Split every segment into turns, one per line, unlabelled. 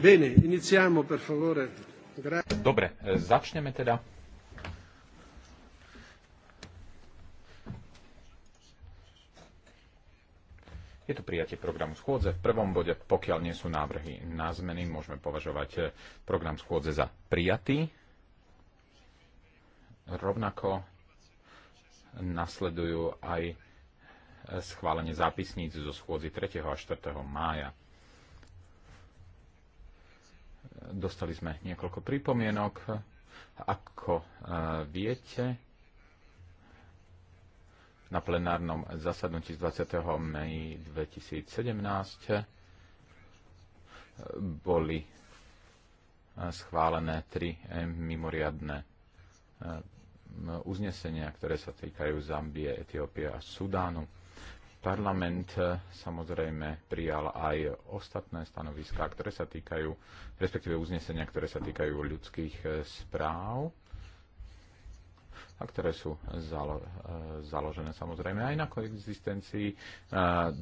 Bene, iniziamo per favore. Gra-
Dobre, e, začneme teda. Je tu prijatie programu schôdze. V prvom bode, pokiaľ nie sú návrhy na zmeny, môžeme považovať e, program schôdze za prijatý. Rovnako nasledujú aj e, schválenie zápisníc zo schôdzi 3. a 4. mája. Dostali sme niekoľko pripomienok. Ako e, viete, na plenárnom zasadnutí z 20. mei 2017 boli e, schválené tri e, mimoriadne uznesenia, ktoré sa týkajú Zambie, Etiópie a Sudánu. Parlament eh, samozrejme prijal aj ostatné stanoviská, ktoré sa týkajú, respektíve uznesenia, ktoré sa týkajú ľudských eh, správ a ktoré sú zalo, eh, založené samozrejme aj na koexistencii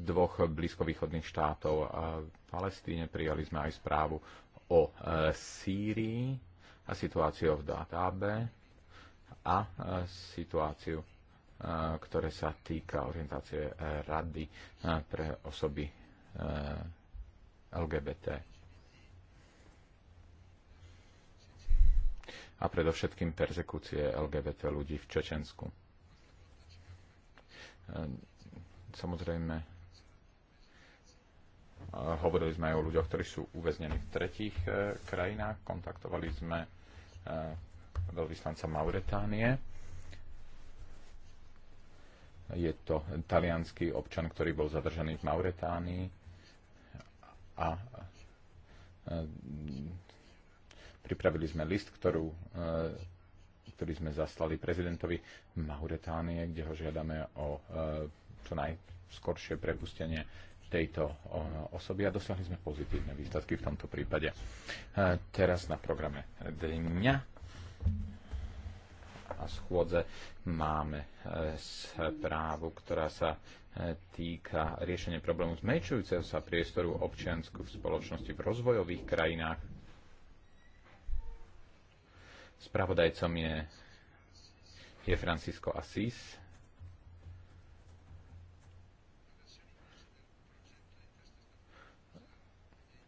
dvoch blízkovýchodných štátov. V Palestíne prijali sme aj správu o Sýrii a situáciu v Databe a situáciu ktoré sa týka orientácie e, rady e, pre osoby e, LGBT. a predovšetkým persekúcie LGBT ľudí v Čečensku. Samozrejme, hovorili sme aj o ľuďoch, ktorí sú uväznení v tretích krajinách. Kontaktovali sme veľvyslanca Mauretánie je to talianský občan, ktorý bol zadržaný v Mauretánii a e, pripravili sme list, ktorú, e, ktorý sme zaslali prezidentovi Mauretánie, kde ho žiadame o e, čo najskoršie prepustenie tejto osoby a dosiahli sme pozitívne výsledky v tomto prípade. Teraz na programe dňa schôdze máme e, správu, ktorá sa e, týka riešenia problému zmenšujúceho sa priestoru občiansku v spoločnosti v rozvojových krajinách. Spravodajcom je, je Francisco Assis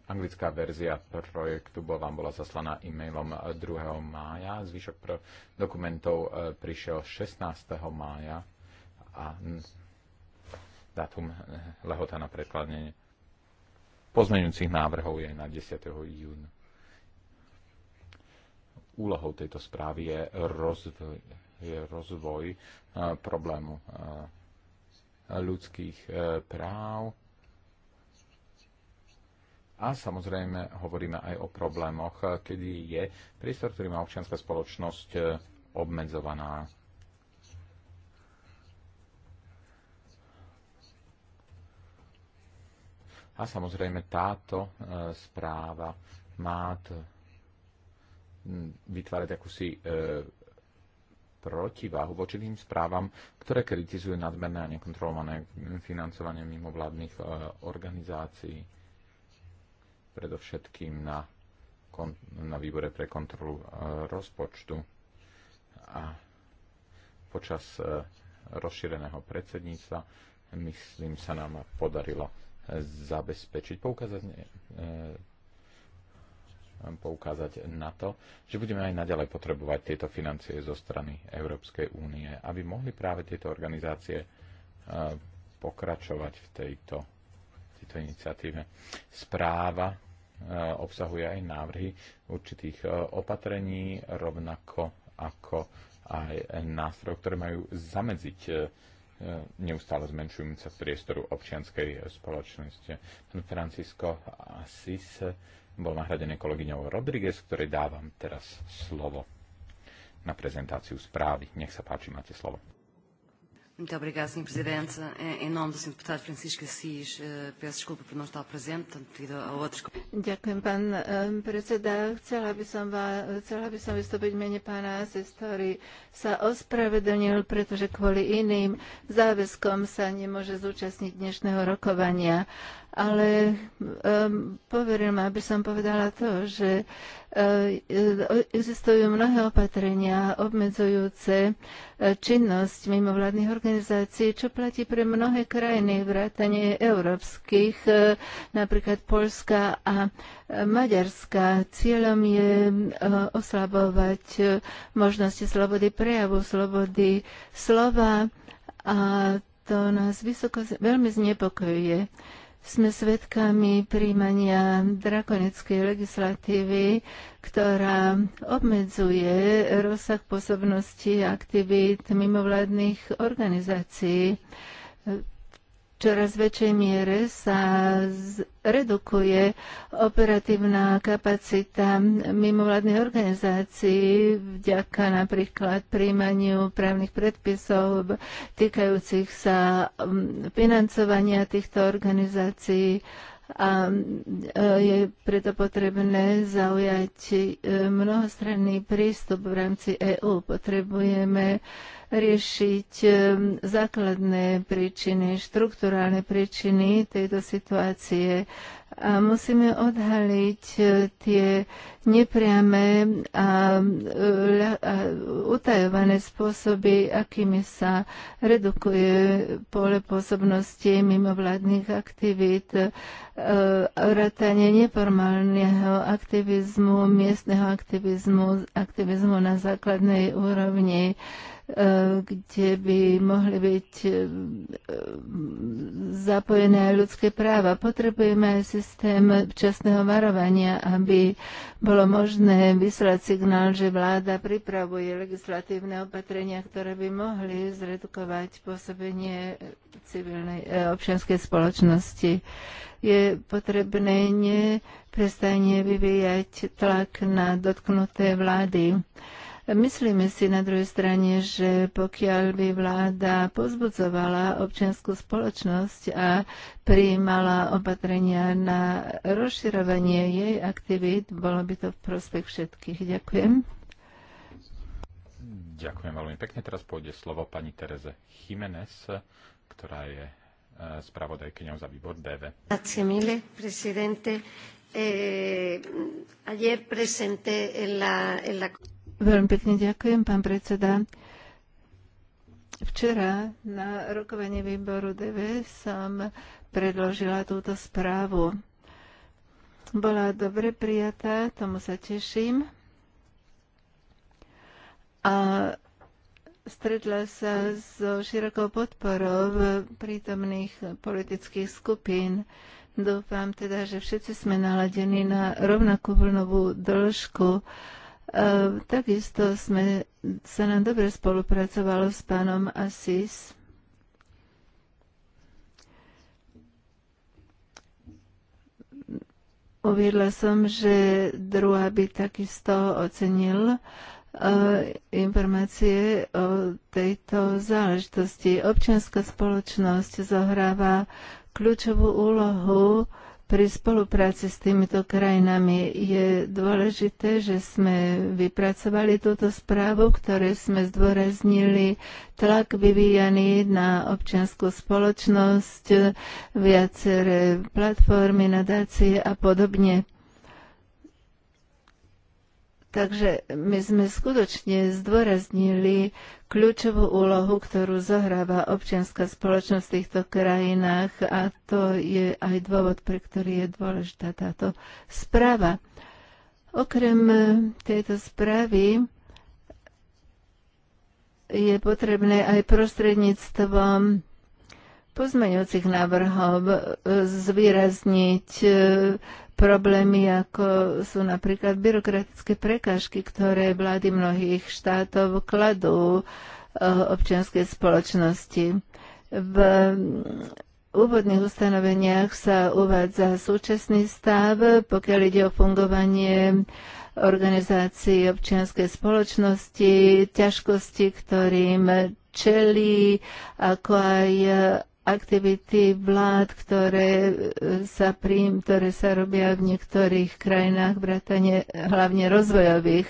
Anglická verzia projektu vám bola zaslaná e-mailom 2. mája, zvyšok pro dokumentov e, prišiel 16. mája a dátum e, lehota na prekladnenie pozmeňujúcich návrhov je na 10. júna. Úlohou tejto správy je rozvoj, je rozvoj e, problému ľudských práv a samozrejme hovoríme aj o problémoch, kedy je priestor, ktorý má občianská spoločnosť e, obmedzovaná. A samozrejme táto e, správa má vytvárať akúsi e, protiváhu voči tým správam, ktoré kritizujú nadmerné a nekontrolované financovanie mimovládnych organizácií predovšetkým na, na výbore pre kontrolu e, rozpočtu a počas e, rozšíreného predsedníctva myslím sa nám podarilo e, zabezpečiť, poukázať, poukázať na to, že budeme aj naďalej potrebovať tieto financie zo strany Európskej únie, aby mohli práve tieto organizácie pokračovať v tejto, tejto iniciatíve. Správa Eh, obsahuje aj návrhy určitých eh, opatrení, rovnako ako aj nástrojov, ktoré majú zamedziť eh, neustále zmenšujúcim sa priestoru občianskej spoločnosti. Pán Francisco Asis bol nahradený kolegyňou Rodriguez, ktorej dávam teraz slovo na prezentáciu správy. Nech sa páči, máte slovo.
Muito obrigada, Sr. Presidente. Em nome do Sr. Deputado Francisco Assis, eh, peço desculpa por não estar presente, tanto devido a outros... Ďakujem, pán eh, predseda. Chcela by som, va, chcela by som vystúpiť mene pána Asis, ktorý sa ospravedlnil, pretože kvôli iným záväzkom sa nemôže zúčastniť dnešného rokovania ale um, poveril ma, aby som povedala to, že eh, existujú mnohé opatrenia obmedzujúce eh, činnosť mimovládnych organizácií, čo platí pre mnohé krajiny, vrátanie európskych, eh, napríklad Polska a Maďarska. Cieľom je oslabovať možnosti slobody prejavu, slobody slova a to nás vysoko, veľmi znepokojuje sme svedkami príjmania drakonickej legislatívy, ktorá obmedzuje rozsah pôsobnosti aktivít mimovládnych organizácií čoraz väčšej miere sa redukuje operatívna kapacita mimovládnych organizácií vďaka napríklad príjmaniu právnych predpisov týkajúcich sa mm, financovania týchto organizácií a e, je preto potrebné zaujať e, mnohostranný prístup v rámci EÚ. Potrebujeme riešiť e, základné príčiny, štruktúrálne príčiny tejto situácie a musíme odhaliť tie nepriame a, utajované spôsoby, akými sa redukuje pole pôsobnosti mimovládnych aktivít vrátanie e, neformálneho aktivizmu, miestneho aktivizmu, aktivizmu na základnej úrovni, e, kde by mohli byť e, zapojené aj ľudské práva. Potrebujeme aj systém včasného varovania, aby bolo možné vyslať signál, že vláda pripravuje legislatívne opatrenia, ktoré by mohli zredukovať pôsobenie civilnej e, občianskej spoločnosti. Je potrebné neprestajne vyvíjať tlak na dotknuté vlády. Myslíme si na druhej strane, že pokiaľ by vláda pozbudzovala občianskú spoločnosť a prijímala opatrenia na rozširovanie jej aktivít, bolo by to v prospech všetkých. Ďakujem.
Ďakujem veľmi pekne. Teraz pôjde slovo pani Tereze Jiménez ktorá je e, spravodajkyňou za výbor DV.
E, Veľmi pekne ďakujem, pán predseda. Včera na rokovanie výboru DV som predložila túto správu. Bola dobre prijatá, tomu sa teším. A stretla sa so širokou podporou prítomných politických skupín. Dúfam teda, že všetci sme naladení na rovnakú vlnovú dĺžku. E, takisto sme, sa nám dobre spolupracovalo s pánom Asis. Uviedla som, že druhá by takisto ocenil uh, Eh, informácie o tejto záležitosti. Občianská spoločnosť zohráva kľúčovú úlohu pri spolupráci s týmito krajinami je dôležité, že sme vypracovali túto správu, ktoré sme zdôraznili tlak vyvíjaný na občianskú spoločnosť, viaceré platformy, nadácie a podobne. Takže my sme skutočne zdôraznili kľúčovú úlohu, ktorú zohráva občianská spoločnosť v týchto krajinách a to je aj dôvod, pre ktorý je dôležitá táto správa. Okrem tejto správy je potrebné aj prostredníctvom pozmeňujúcich návrhov zvýrazniť problémy, ako sú napríklad byrokratické prekážky, ktoré vlády mnohých štátov kladú eh, občianskej spoločnosti. V eh, úvodných ustanoveniach sa uvádza súčasný stav, pokiaľ ide o fungovanie organizácií občianskej spoločnosti, ťažkosti, ktorým čelí, ako aj eh, aktivity vlád, ktoré e, sa, príjm, ktoré sa robia v niektorých krajinách, vrátane hlavne rozvojových.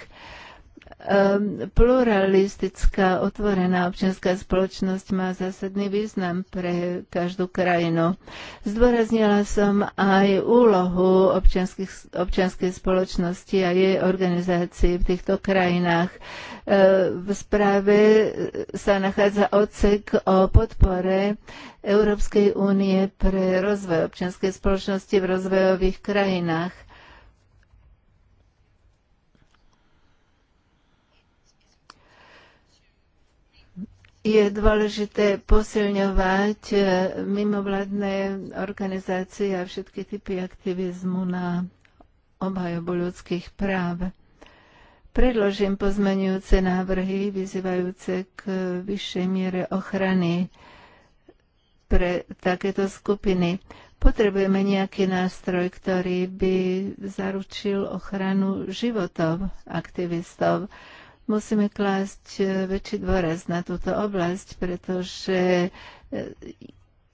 Pluralistická otvorená občianská spoločnosť má zásadný význam pre každú krajinu. Zdôraznila som aj úlohu občianskej spoločnosti a jej organizácií v týchto krajinách. V správe sa nachádza ocek o podpore Európskej únie pre rozvoj občianskej spoločnosti v rozvojových krajinách. je dôležité posilňovať e, mimovládne organizácie a všetky typy aktivizmu na obhajobu ľudských práv. Predložím pozmenujúce návrhy vyzývajúce k vyššej miere ochrany pre takéto skupiny. Potrebujeme nejaký nástroj, ktorý by zaručil ochranu životov aktivistov. Musíme klásť e, väčší dôraz na túto oblasť, pretože e,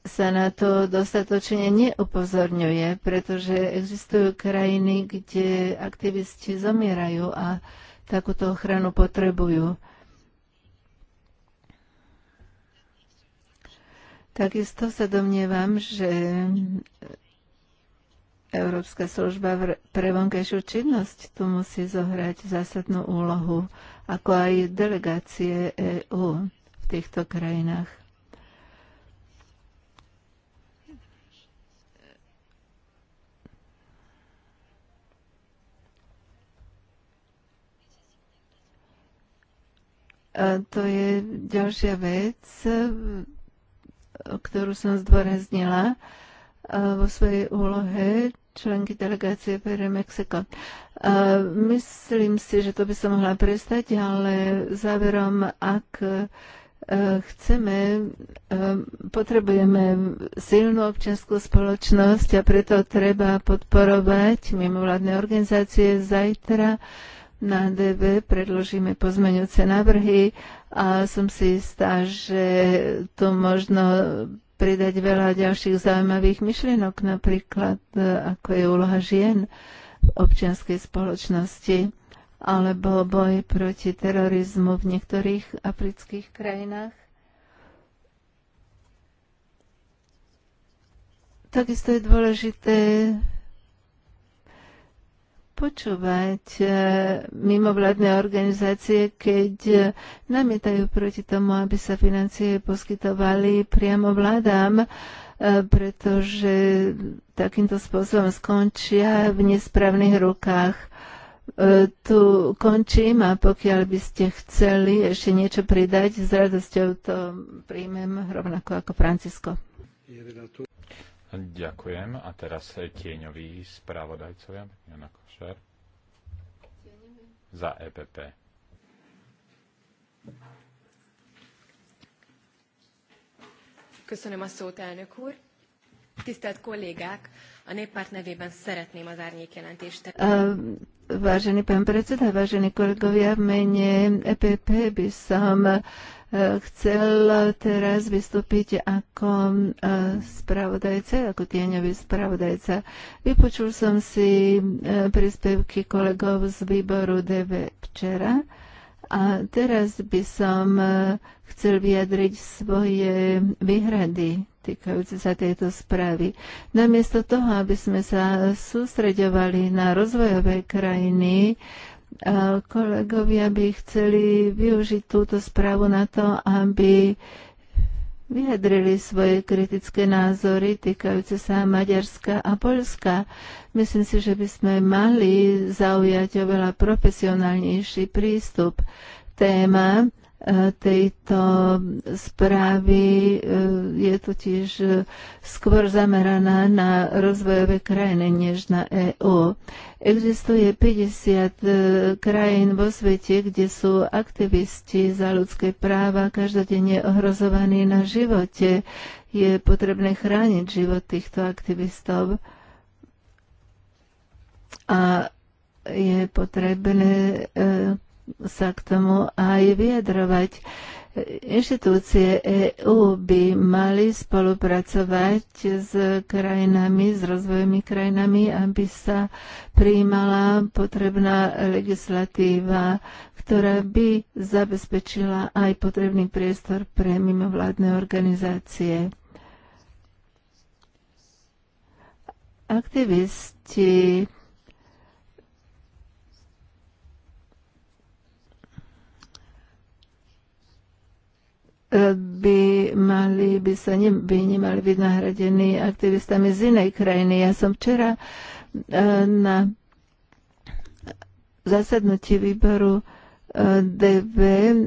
sa na to dostatočne neupozorňuje, pretože existujú krajiny, kde aktivisti zomierajú a takúto ochranu potrebujú. Takisto sa domnievam, že Európska služba pre vonkajšiu činnosť tu musí zohrať zásadnú úlohu ako aj delegácie EÚ v týchto krajinách. A to je ďalšia vec, ktorú som zdôraznila vo svojej úlohe, členky delegácie pre Mexiko. A myslím si, že to by sa mohla prestať, ale záverom, ak e, chceme, e, potrebujeme silnú občianskú spoločnosť a preto treba podporovať mimovládne organizácie. Zajtra na DB predložíme pozmeňujúce návrhy a som si istá, že to možno pridať veľa ďalších zaujímavých myšlienok, napríklad e, ako je úloha žien v občianskej spoločnosti alebo boj proti terorizmu v niektorých afrických krajinách. Takisto je dôležité počúvať e, mimovládne organizácie, keď e, namietajú proti tomu, aby sa financie poskytovali priamo vládám, e, pretože takýmto spôsobom skončia v nesprávnych rukách tu končím a pokiaľ by ste chceli ešte niečo pridať, s radosťou to príjmem rovnako ako Francisco.
Ďakujem. A teraz tieňový správodajcovia, Jana Košer, za EPP.
Köszönöm a szót, elnök úr. Tisztelt kollégák, a néppárt nevében szeretném az árnyék jelentést. Vážený pán predseda, vážení kolegovia, v mene EPP by som chcel teraz vystúpiť ako e, spravodajca, ako tieňový spravodajca. Vypočul som si e, príspevky kolegov z výboru DV včera a teraz by som e, chcel vyjadriť svoje výhrady týkajúce sa tejto správy. Namiesto toho, aby sme sa sústreďovali na rozvojové krajiny, Kolegovia by chceli využiť túto správu na to, aby vyjadrili svoje kritické názory týkajúce sa Maďarska a Polska. Myslím si, že by sme mali zaujať oveľa profesionálnejší prístup. Téma tejto správy e, je totiž e, skôr zameraná na rozvojové krajiny než na EÚ. Existuje 50 e, krajín vo svete, kde sú aktivisti za ľudské práva každodenne ohrozovaní na živote. Je potrebné chrániť život týchto aktivistov. A je potrebné sa k tomu aj vyjadrovať. Inštitúcie EÚ by mali spolupracovať s krajinami, s rozvojmi krajinami, aby sa prijímala potrebná legislatíva, ktorá by zabezpečila aj potrebný priestor pre mimovládne organizácie. Aktivisti by, mali, by sa ne, by nemali byť nahradení aktivistami z inej krajiny. Ja som včera e, na zasadnutí výboru e, DB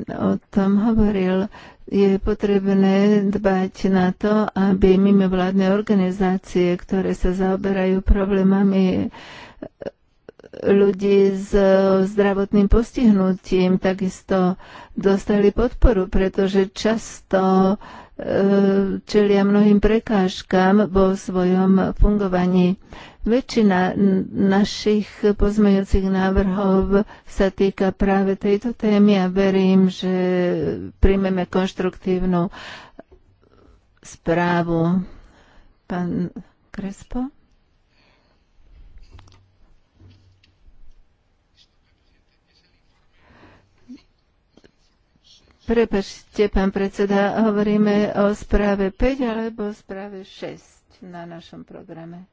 o tom hovoril. Je potrebné dbať na to, aby mimovládne organizácie, ktoré sa zaoberajú problémami ľudí s e, zdravotným postihnutím takisto dostali podporu, pretože často e, čelia mnohým prekážkam vo svojom fungovaní. Väčšina našich pozmejúcich návrhov sa týka práve tejto témy a verím, že príjmeme konštruktívnu správu. Pán Krespo? Prepačte, pán predseda, hovoríme o správe 5 alebo o správe 6 na našom programe.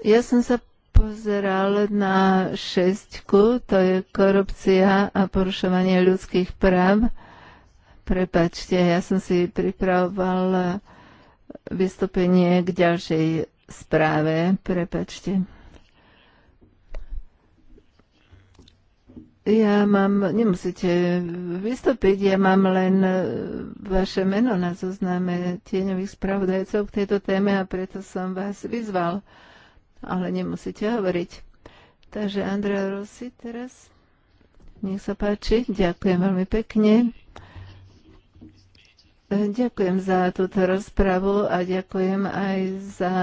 Ja som sa pozeral na šestku, to je korupcia a porušovanie ľudských práv. Prepačte, ja som si pripravoval vystúpenie k ďalšej správe. Prepačte. Ja mám, nemusíte vystúpiť, ja mám len e, vaše meno na zozname tieňových spravodajcov k tejto téme a preto som vás vyzval. Ale nemusíte hovoriť. Takže Andrea Rossi teraz. Nech sa páči. Ďakujem veľmi pekne. E, ďakujem za túto rozpravu a ďakujem aj za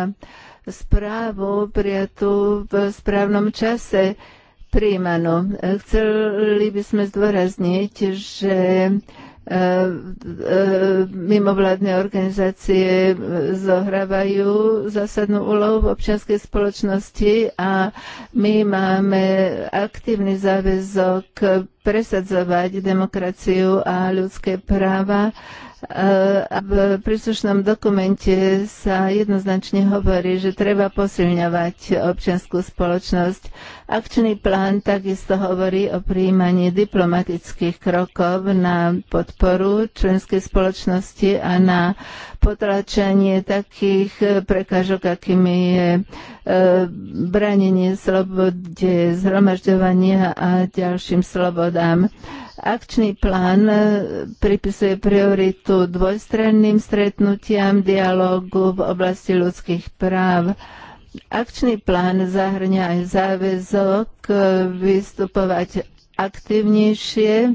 správu prijatú v správnom čase Príjmano. Chceli by sme zdôrazniť, že e, e, mimovládne organizácie zohrávajú zásadnú úlohu v občianskej spoločnosti a my máme aktívny záväzok presadzovať demokraciu a ľudské práva v príslušnom dokumente sa jednoznačne hovorí, že treba posilňovať občianskú spoločnosť. Akčný plán takisto hovorí o príjmaní diplomatických krokov na podporu členskej spoločnosti a na potlačanie takých prekážok, akými je e, branenie slobode, zhromažďovania a ďalším slobodám. Akčný plán e, pripisuje prioritu dvojstranným stretnutiam dialogu v oblasti ľudských práv. Akčný plán zahrňa aj záväzok e, vystupovať aktivnejšie e,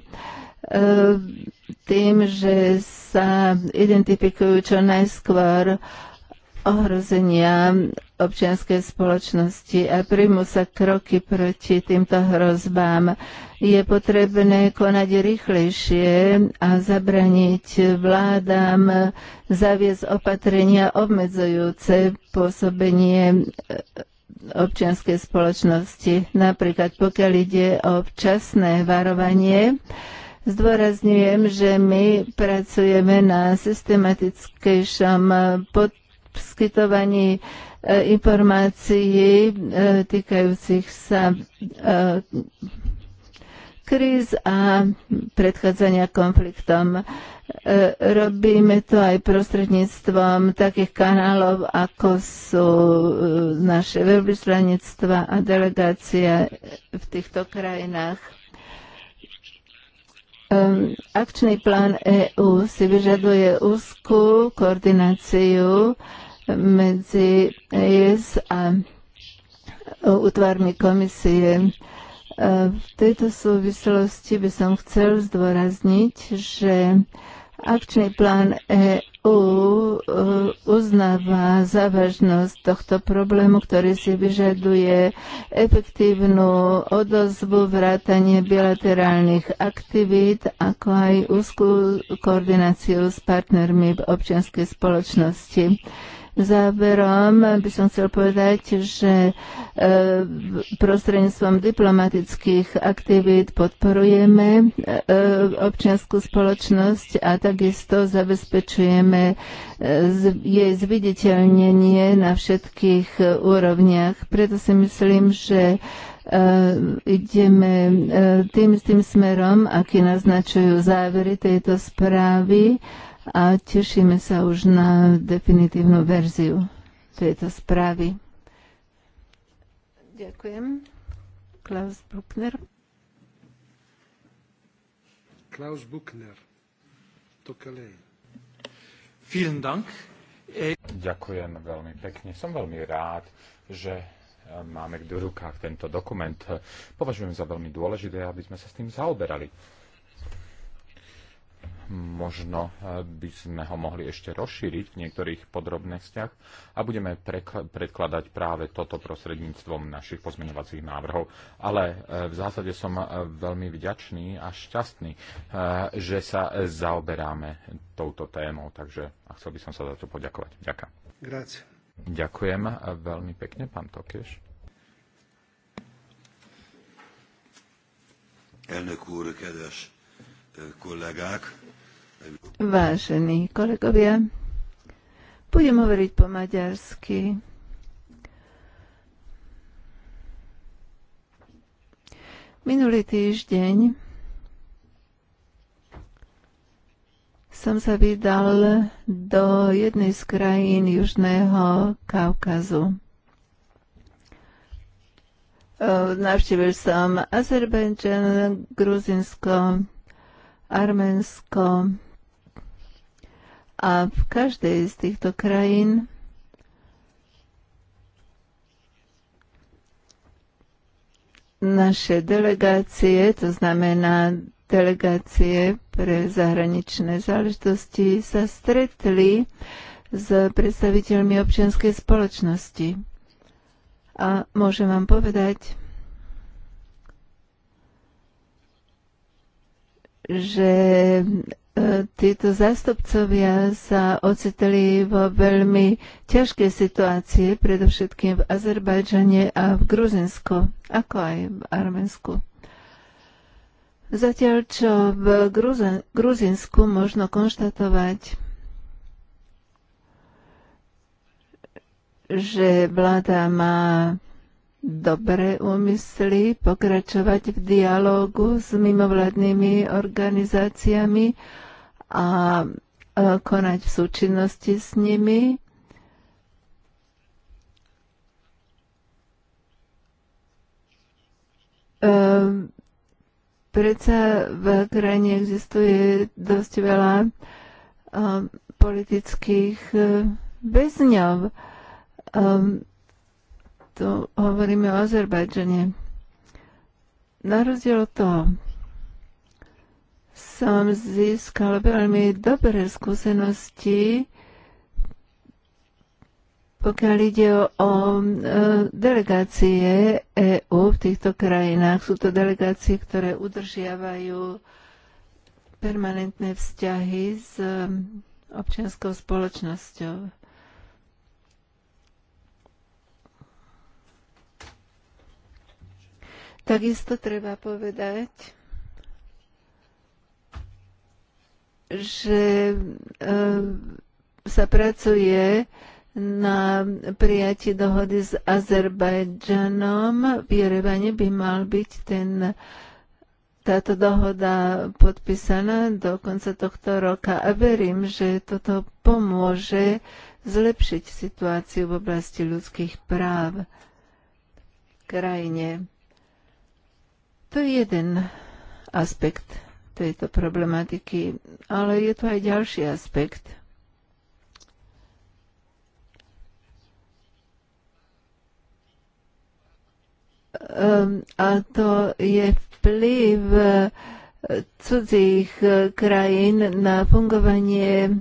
tým, že sa identifikujú čo najskôr ohrozenia občianskej spoločnosti a príjmu sa kroky proti týmto hrozbám. Je potrebné konať rýchlejšie a zabraniť vládám zaviesť opatrenia obmedzujúce pôsobenie e, občianskej spoločnosti. Napríklad pokiaľ ide o včasné varovanie, zdôrazňujem, že my pracujeme na systematickejšom poskytovaní E, informácií e, týkajúcich sa e, kríz a predchádzania konfliktom. Robíme to aj prostredníctvom takých kanálov, ako sú naše veľvyslanectva a delegácia v týchto krajinách. Akčný plán EÚ si vyžaduje úzkú koordináciu medzi ES a útvarmi komisie. E, v tejto súvislosti by som chcel zdôrazniť, že akčný plán EU e, uznáva závažnosť tohto problému, ktorý si vyžaduje efektívnu odozvu, vrátanie bilaterálnych aktivít, ako aj úzkú koordináciu s partnermi v občianskej spoločnosti. Záverom by som chcel povedať, že e, prostredníctvom diplomatických aktivít podporujeme e, občianskú spoločnosť a takisto zabezpečujeme e, jej zviditeľnenie na všetkých úrovniach. Preto si myslím, že ideme tým, tým smerom, aký naznačujú závery tejto správy a tešíme sa už na definitívnu verziu tejto správy. Ďakujem. Klaus Buchner.
Klaus Buchner. kalej. Vielen Dank. Eh, Ďakujem veľmi pekne. Som veľmi rád, že eh, máme v rukách tento dokument. Považujem za veľmi dôležité, aby sme sa s tým zaoberali Možno eh, by sme ho mohli ešte rozšíriť v niektorých podrobnostiach a budeme predkladať práve toto prostredníctvom našich pozmeňovacích návrhov. Ale eh, v zásade som eh, veľmi vďačný a šťastný, že sa zaoberáme touto témou, takže a chcel by som sa za to poďakovať. Ďakujem. Grazie. Ďakujem veľmi pekne, pán Tokeš. Elnök
úr, kedves kollégák! Vážení kolegovia, budem hovoriť po maďarsky. Minulý týždeň som sa vydal do jednej z krajín Južného Kaukazu. E, navštívil som Azerbajdžan, Gruzinsko, Arménsko, a v každej z týchto krajín naše delegácie, to znamená delegácie pre zahraničné záležitosti, sa stretli s predstaviteľmi občianskej spoločnosti. A môžem vám povedať, že títo zástupcovia sa ocitli vo veľmi ťažkej situácii, predovšetkým v Azerbajdžane a v Gruzinsku, ako aj v Arménsku. Zatiaľ, čo v Gruzinsku možno konštatovať, že vláda má dobré úmysly pokračovať v dialógu s mimovládnymi organizáciami a konať v súčinnosti s nimi. Um, predsa v krajine existuje dosť veľa ehm, politických um, väzňov. Ehm, tu hovoríme o Azerbajdžane. Na rozdiel od toho, som získal veľmi dobré skúsenosti, pokiaľ ide o e, delegácie EÚ v týchto krajinách. Sú to delegácie, ktoré udržiavajú permanentné vzťahy s e, občianskou spoločnosťou. Takisto treba povedať, že e, sa pracuje na prijatie dohody s Azerbajdžanom. V Jerevane by mal byť ten, táto dohoda podpísaná do konca tohto roka a verím, že toto pomôže zlepšiť situáciu v oblasti ľudských práv v krajine. To je jeden aspekt tejto problematiky. Ale je tu aj ďalší aspekt. Ehm, a to je vplyv eh, cudzích eh, krajín na fungovanie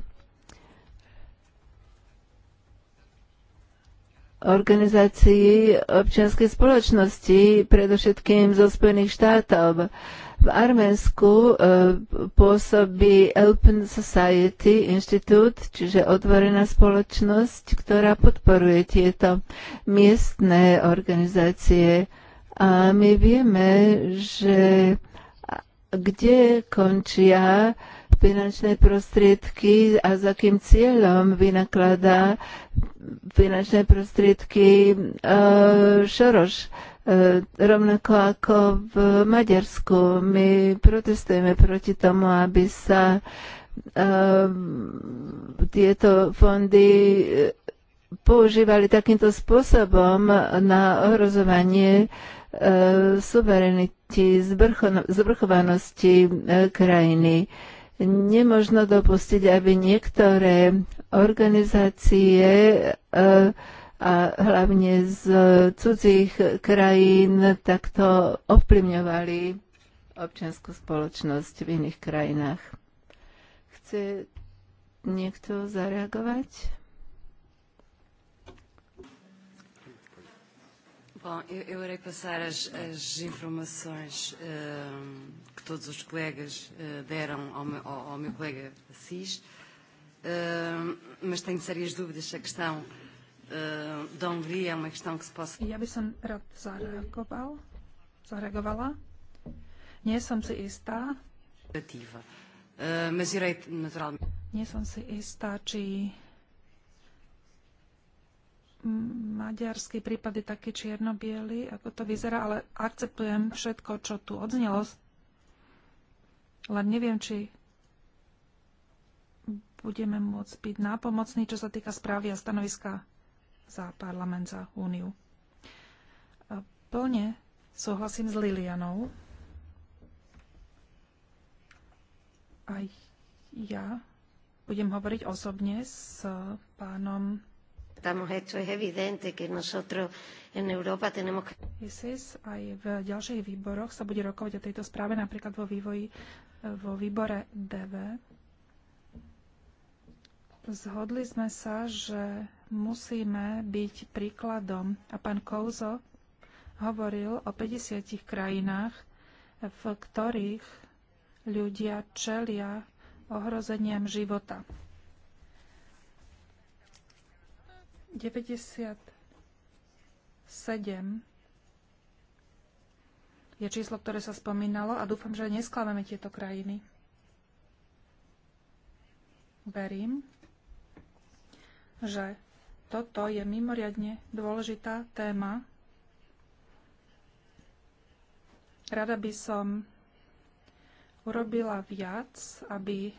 organizácií občianskej spoločnosti, predovšetkým zo Spojených štátov. V Arménsku e, pôsobí Open Society Institute, čiže otvorená spoločnosť, ktorá podporuje tieto miestne organizácie. A my vieme, že kde končia finančné prostriedky a za akým cieľom vynakladá finančné prostriedky uh, Šoroš. E, rovnako ako v Maďarsku. My protestujeme proti tomu, aby sa e, tieto fondy e, používali takýmto spôsobom na ohrozovanie suverenity, zvrchovanosti krajiny. Nemožno dopustiť, aby niektoré organizácie a hlavne z cudzích krajín takto ovplyvňovali občianskú spoločnosť v iných krajinách. Chce niekto zareagovať? Bom, eu, eu irei passar as, as informações um, que todos os colegas uh, deram ao, meu, ao, ao meu colega Assis, uh, mas tenho sérias
dúvidas se a questão uh, E, ja by som rád zareagoval, zareagovala. Nie som si istá. E, Nie som si istá, či maďarský prípad je taký čierno ako to vyzerá, ale akceptujem všetko, čo tu odznelo. Len neviem, či budeme môcť byť nápomocní, čo sa týka správy a stanoviska za parlament, za úniu. plne súhlasím s Lilianou. A ja budem hovoriť osobne s pánom aj v ďalších výboroch sa bude rokovať o tejto správe, napríklad vo vývoji vo výbore DV Zhodli sme sa, že musíme byť príkladom. A pán Kouzo hovoril o 50 krajinách, v ktorých ľudia čelia ohrozeniam života. 97 je číslo, ktoré sa spomínalo a dúfam, že nesklameme tieto krajiny. Verím, že toto je mimoriadne dôležitá téma. Rada by som urobila viac, aby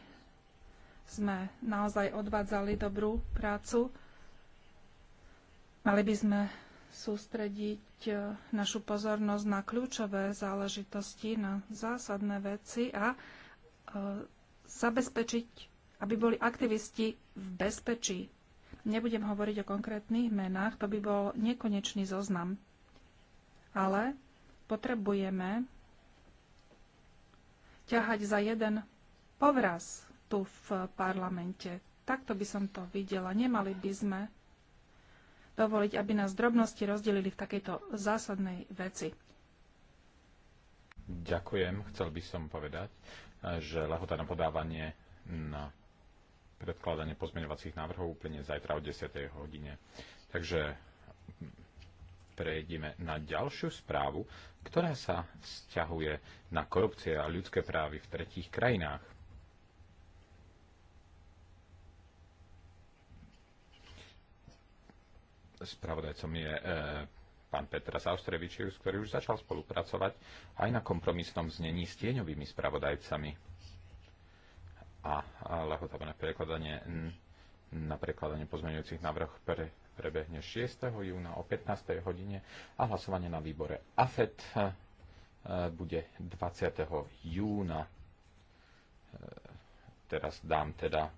sme naozaj odvádzali dobrú prácu. Mali by sme sústrediť e, našu pozornosť na kľúčové záležitosti, na zásadné veci a e, zabezpečiť, aby boli aktivisti v bezpečí. Nebudem hovoriť o konkrétnych menách, to by bol nekonečný zoznam. Ale potrebujeme ťahať za jeden povraz tu v parlamente. Takto by som to videla. Nemali by sme dovoliť, aby nás drobnosti rozdelili v takejto zásadnej veci.
Ďakujem. Chcel by som povedať, že lehota na podávanie na predkladanie pozmeňovacích návrhov úplne zajtra o 10. hodine. Takže prejdeme na ďalšiu správu, ktorá sa vzťahuje na korupcie a ľudské právy v tretích krajinách. Spravodajcom je e, pán Petra Zaustrevičius, ktorý už začal spolupracovať aj na kompromisnom znení s tieňovými spravodajcami a lehota prekladanie na prekladanie pozmeňujúcich návrh pre, prebehne 6. júna o 15. hodine a hlasovanie na výbore AFET e, bude 20. júna. E, teraz dám teda e,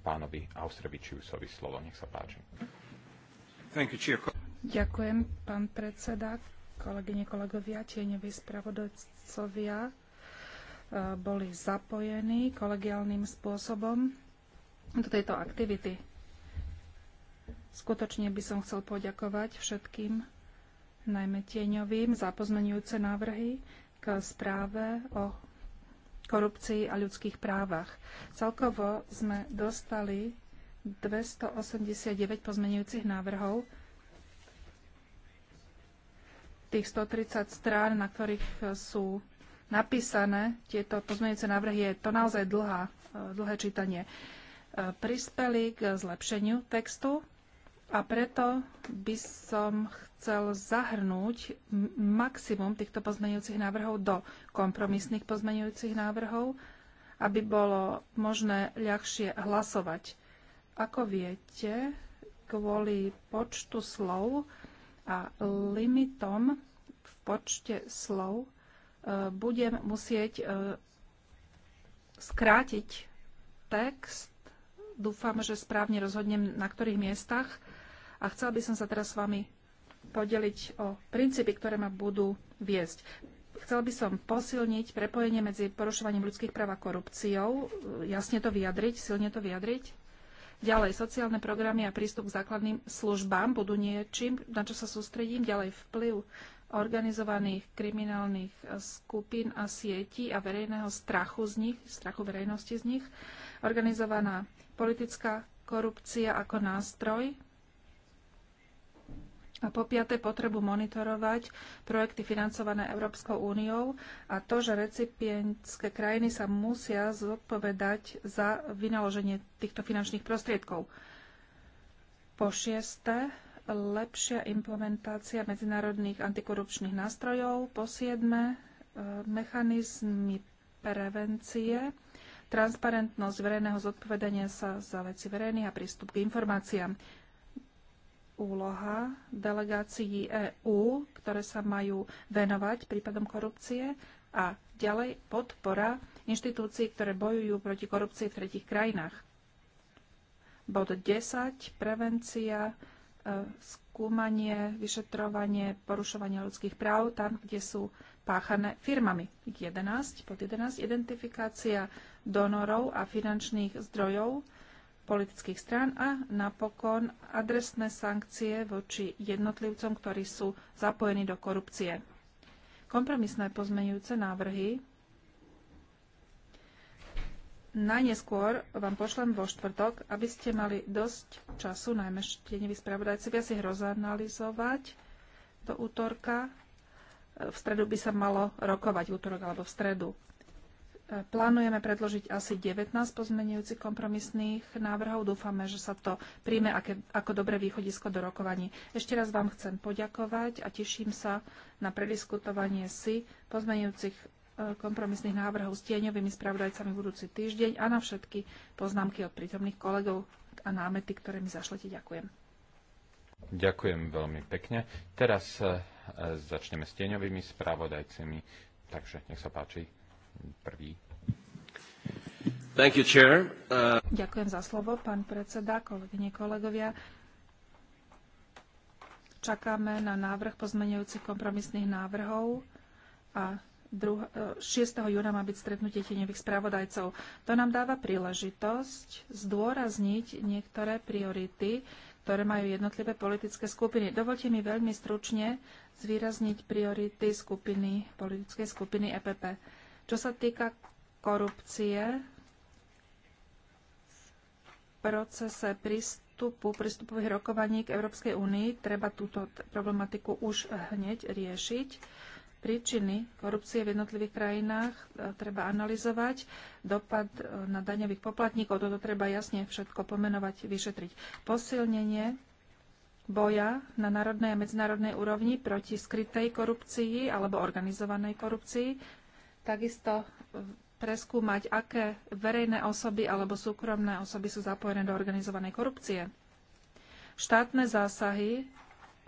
pánovi Austrevičiusovi slovo. Nech sa páči. You,
Ďakujem, pán predseda, kolegyne, kolegovia, tieňovi spravodajcovia boli zapojení kolegiálnym spôsobom do tejto aktivity. Skutočne by som chcel poďakovať všetkým, najmä tieňovým, za pozmenujúce návrhy k správe o korupcii a ľudských právach. Celkovo sme dostali 289 pozmenujúcich návrhov, tých 130 strán, na ktorých sú napísané tieto pozmeňujúce návrhy, je to naozaj dlhá, e, dlhé čítanie, e, prispeli k zlepšeniu textu a preto by som chcel zahrnúť maximum týchto pozmeňujúcich návrhov do kompromisných pozmeňujúcich návrhov, aby bolo možné ľahšie hlasovať. Ako viete, kvôli počtu slov a limitom v počte slov budem musieť e, skrátiť text. Dúfam, že správne rozhodnem, na ktorých miestach. A chcela by som sa teraz s vami podeliť o princípy, ktoré ma budú viesť. Chcel by som posilniť prepojenie medzi porušovaním ľudských práv a korupciou, e, jasne to vyjadriť, silne to vyjadriť. Ďalej, sociálne programy a prístup k základným službám budú niečím, na čo sa sústredím. Ďalej, vplyv organizovaných kriminálnych skupín a sietí a verejného strachu z nich, strachu verejnosti z nich, organizovaná politická korupcia ako nástroj a po piaté potrebu monitorovať projekty financované Európskou úniou a to, že recipientské krajiny sa musia zodpovedať za vynaloženie týchto finančných prostriedkov. Po šiesté, lepšia implementácia medzinárodných antikorupčných nástrojov, po siedme e, mechanizmy prevencie, transparentnosť verejného zodpovedania sa za veci verejných a prístup k informáciám. Úloha delegácií EÚ, ktoré sa majú venovať prípadom korupcie a ďalej podpora inštitúcií, ktoré bojujú proti korupcii v tretich krajinách. Bod 10. Prevencia E, skúmanie, vyšetrovanie porušovania ľudských práv tam, kde sú páchané firmami. 11, pod 11, identifikácia donorov a finančných zdrojov politických strán a napokon adresné sankcie voči jednotlivcom, ktorí sú zapojení do korupcie. Kompromisné pozmeňujúce návrhy najneskôr vám pošlem vo štvrtok, aby ste mali dosť času, najmä štieneví spravodajcovia, si rozanalizovať do útorka. V stredu by sa malo rokovať útorok alebo v stredu. E, plánujeme predložiť asi 19 pozmenujúcich kompromisných návrhov. Dúfame, že sa to príjme ako dobré východisko do rokovaní. Ešte raz vám chcem poďakovať a teším sa na prediskutovanie si pozmenujúcich kompromisných návrhov s tieňovými spravodajcami budúci týždeň a na všetky poznámky od prítomných kolegov a námety, ktoré mi zašlete. Ďakujem.
Ďakujem veľmi pekne. Teraz e, e, začneme s tieňovými spravodajcami. Takže nech sa páči prvý. Thank you, chair. Uh...
Ďakujem za slovo, pán predseda, kolegyne, kolegovia. Čakáme na návrh pozmenujúcich kompromisných návrhov a 6. E, júna má byť stretnutie tieňových spravodajcov. To nám dáva príležitosť zdôrazniť niektoré priority, ktoré majú jednotlivé politické skupiny. Dovolte mi veľmi stručne zvýrazniť priority skupiny, politickej skupiny EPP. Čo sa týka korupcie, v procese prístupu, prístupových rokovaní k Európskej únii treba túto problematiku už hneď riešiť Príčiny korupcie v jednotlivých krajinách e, treba analyzovať, dopad e, na daňových poplatníkov, toto treba jasne všetko pomenovať, vyšetriť. Posilnenie boja na národnej a medzinárodnej úrovni proti skrytej korupcii alebo organizovanej korupcii, takisto e, preskúmať, aké verejné osoby alebo súkromné osoby sú zapojené do organizovanej korupcie. Štátne zásahy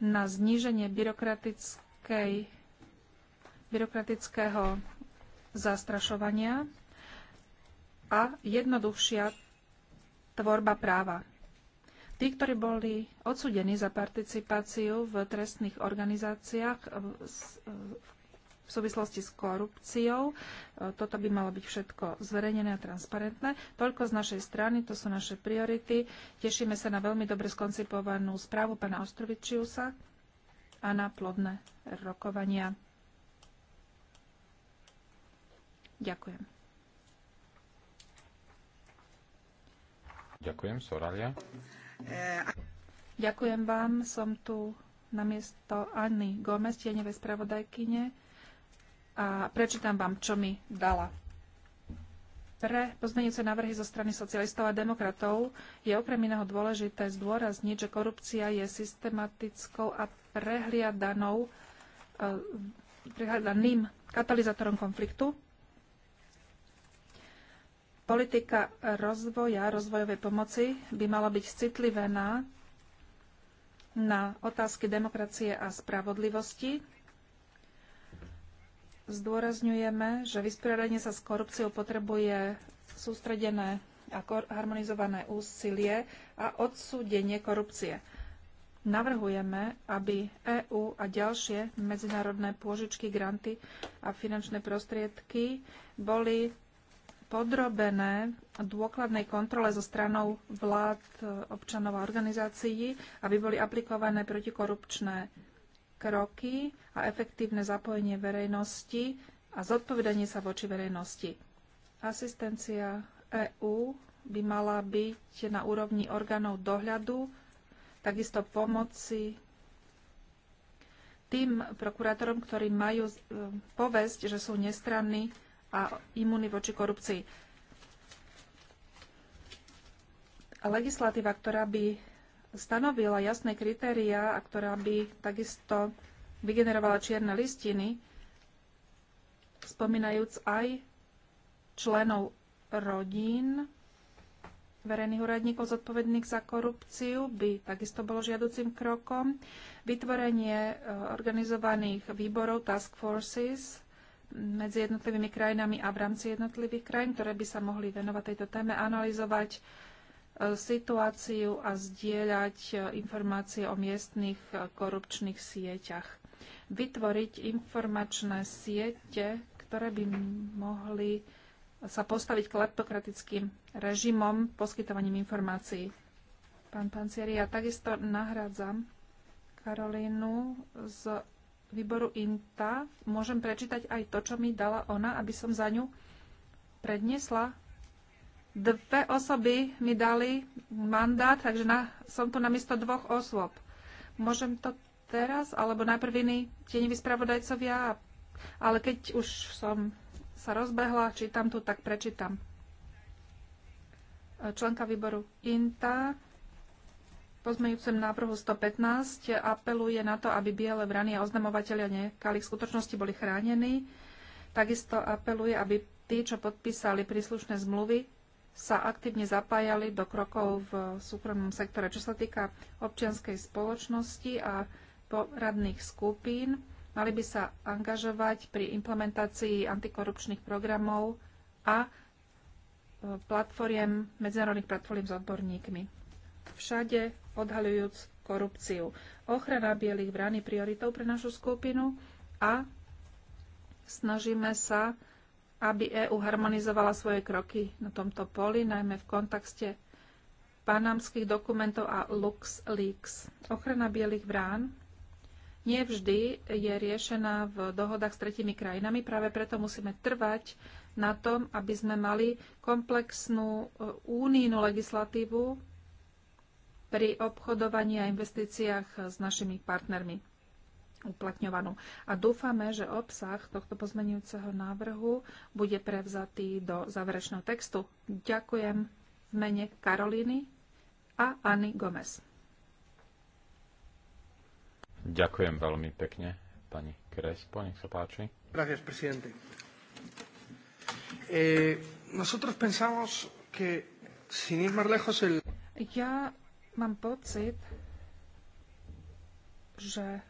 na zníženie byrokratickej byrokratického zastrašovania a jednoduchšia tvorba práva. Tí, ktorí boli odsudení za participáciu v trestných organizáciách v súvislosti s korupciou, e, toto by malo byť všetko zverejnené a transparentné. Toľko z našej strany, to sú naše priority. Tešíme sa na veľmi dobre skoncipovanú správu pana Ostrovičiusa a na plodné rokovania. Ďakujem.
Ďakujem, Soralia.
Ďakujem vám, som tu na miesto Anny Gomez, tieňové spravodajkyne a prečítam vám, čo mi dala. Pre pozmeňujúce návrhy zo strany socialistov a demokratov je okrem iného dôležité zdôrazniť, že korupcia je systematickou a prehliadanou, eh, prehliadaným katalizátorom konfliktu politika rozvoja, rozvojovej pomoci by mala byť citlivená na otázky demokracie a spravodlivosti. Zdôrazňujeme, že vysporiadanie sa s korupciou potrebuje sústredené a harmonizované úsilie a odsúdenie korupcie. Navrhujeme, aby EÚ a ďalšie medzinárodné pôžičky, granty a finančné prostriedky boli podrobené dôkladnej kontrole zo stranou vlád, e, občanov a organizácií, aby boli aplikované protikorupčné kroky a efektívne zapojenie verejnosti a zodpovedanie sa voči verejnosti. Asistencia EÚ by mala byť na úrovni orgánov dohľadu, takisto pomoci tým prokurátorom, ktorí majú e, povesť, že sú nestranní a imuny voči korupcii. Legislatíva, ktorá by stanovila jasné kritériá a ktorá by takisto vygenerovala čierne listiny, spomínajúc aj členov rodín verejných úradníkov zodpovedných za korupciu by takisto bolo žiaducím krokom. Vytvorenie e, organizovaných výborov task forces medzi jednotlivými krajinami a v rámci jednotlivých krajín, ktoré by sa mohli venovať tejto téme, analyzovať e, situáciu a zdieľať e, informácie o miestnych e, korupčných sieťach. Vytvoriť informačné siete, ktoré by mohli sa postaviť k leptokratickým režimom poskytovaním informácií. Pán Pancieri, ja takisto nahrádzam Karolínu z výboru INTA môžem prečítať aj to, čo mi dala ona, aby som za ňu predniesla. Dve osoby mi dali mandát, takže na, som tu namiesto dvoch osôb. Môžem to teraz, alebo najprv iný tieňoví spravodajcovia, ale keď už som sa rozbehla, čítam tu, tak prečítam. Členka výboru INTA, pozmejúcem návrhu 115 apeluje na to, aby biele vrany a oznamovateľia nekalých skutočností boli chránení. Takisto apeluje, aby tí, čo podpísali príslušné zmluvy, sa aktívne zapájali do krokov v súkromnom sektore. Čo sa týka občianskej spoločnosti a poradných skupín, mali by sa angažovať pri implementácii antikorupčných programov a e, platformiem, medzinárodných platform s odborníkmi. Všade odhaľujúc korupciu. Ochrana bielých brán je prioritou pre našu skupinu a snažíme sa, aby EÚ harmonizovala svoje kroky na tomto poli, najmä v kontexte panamských dokumentov a LuxLeaks. Ochrana bielých brán nevždy je riešená v dohodách s tretimi krajinami, práve preto musíme trvať na tom, aby sme mali komplexnú e, únijnú legislatívu pri obchodovaní a investíciách s našimi partnermi uplatňovanú. A dúfame, že obsah tohto pozmenujúceho návrhu bude prevzatý do záverečného textu. Ďakujem v mene Karolíny a Anny Gomez.
Ďakujem veľmi pekne, pani Krespo, nech sa páči.
Gracias, presidente. Eh, nosotros pensamos que, sin ir más lejos, el... Ja Mám pocit, že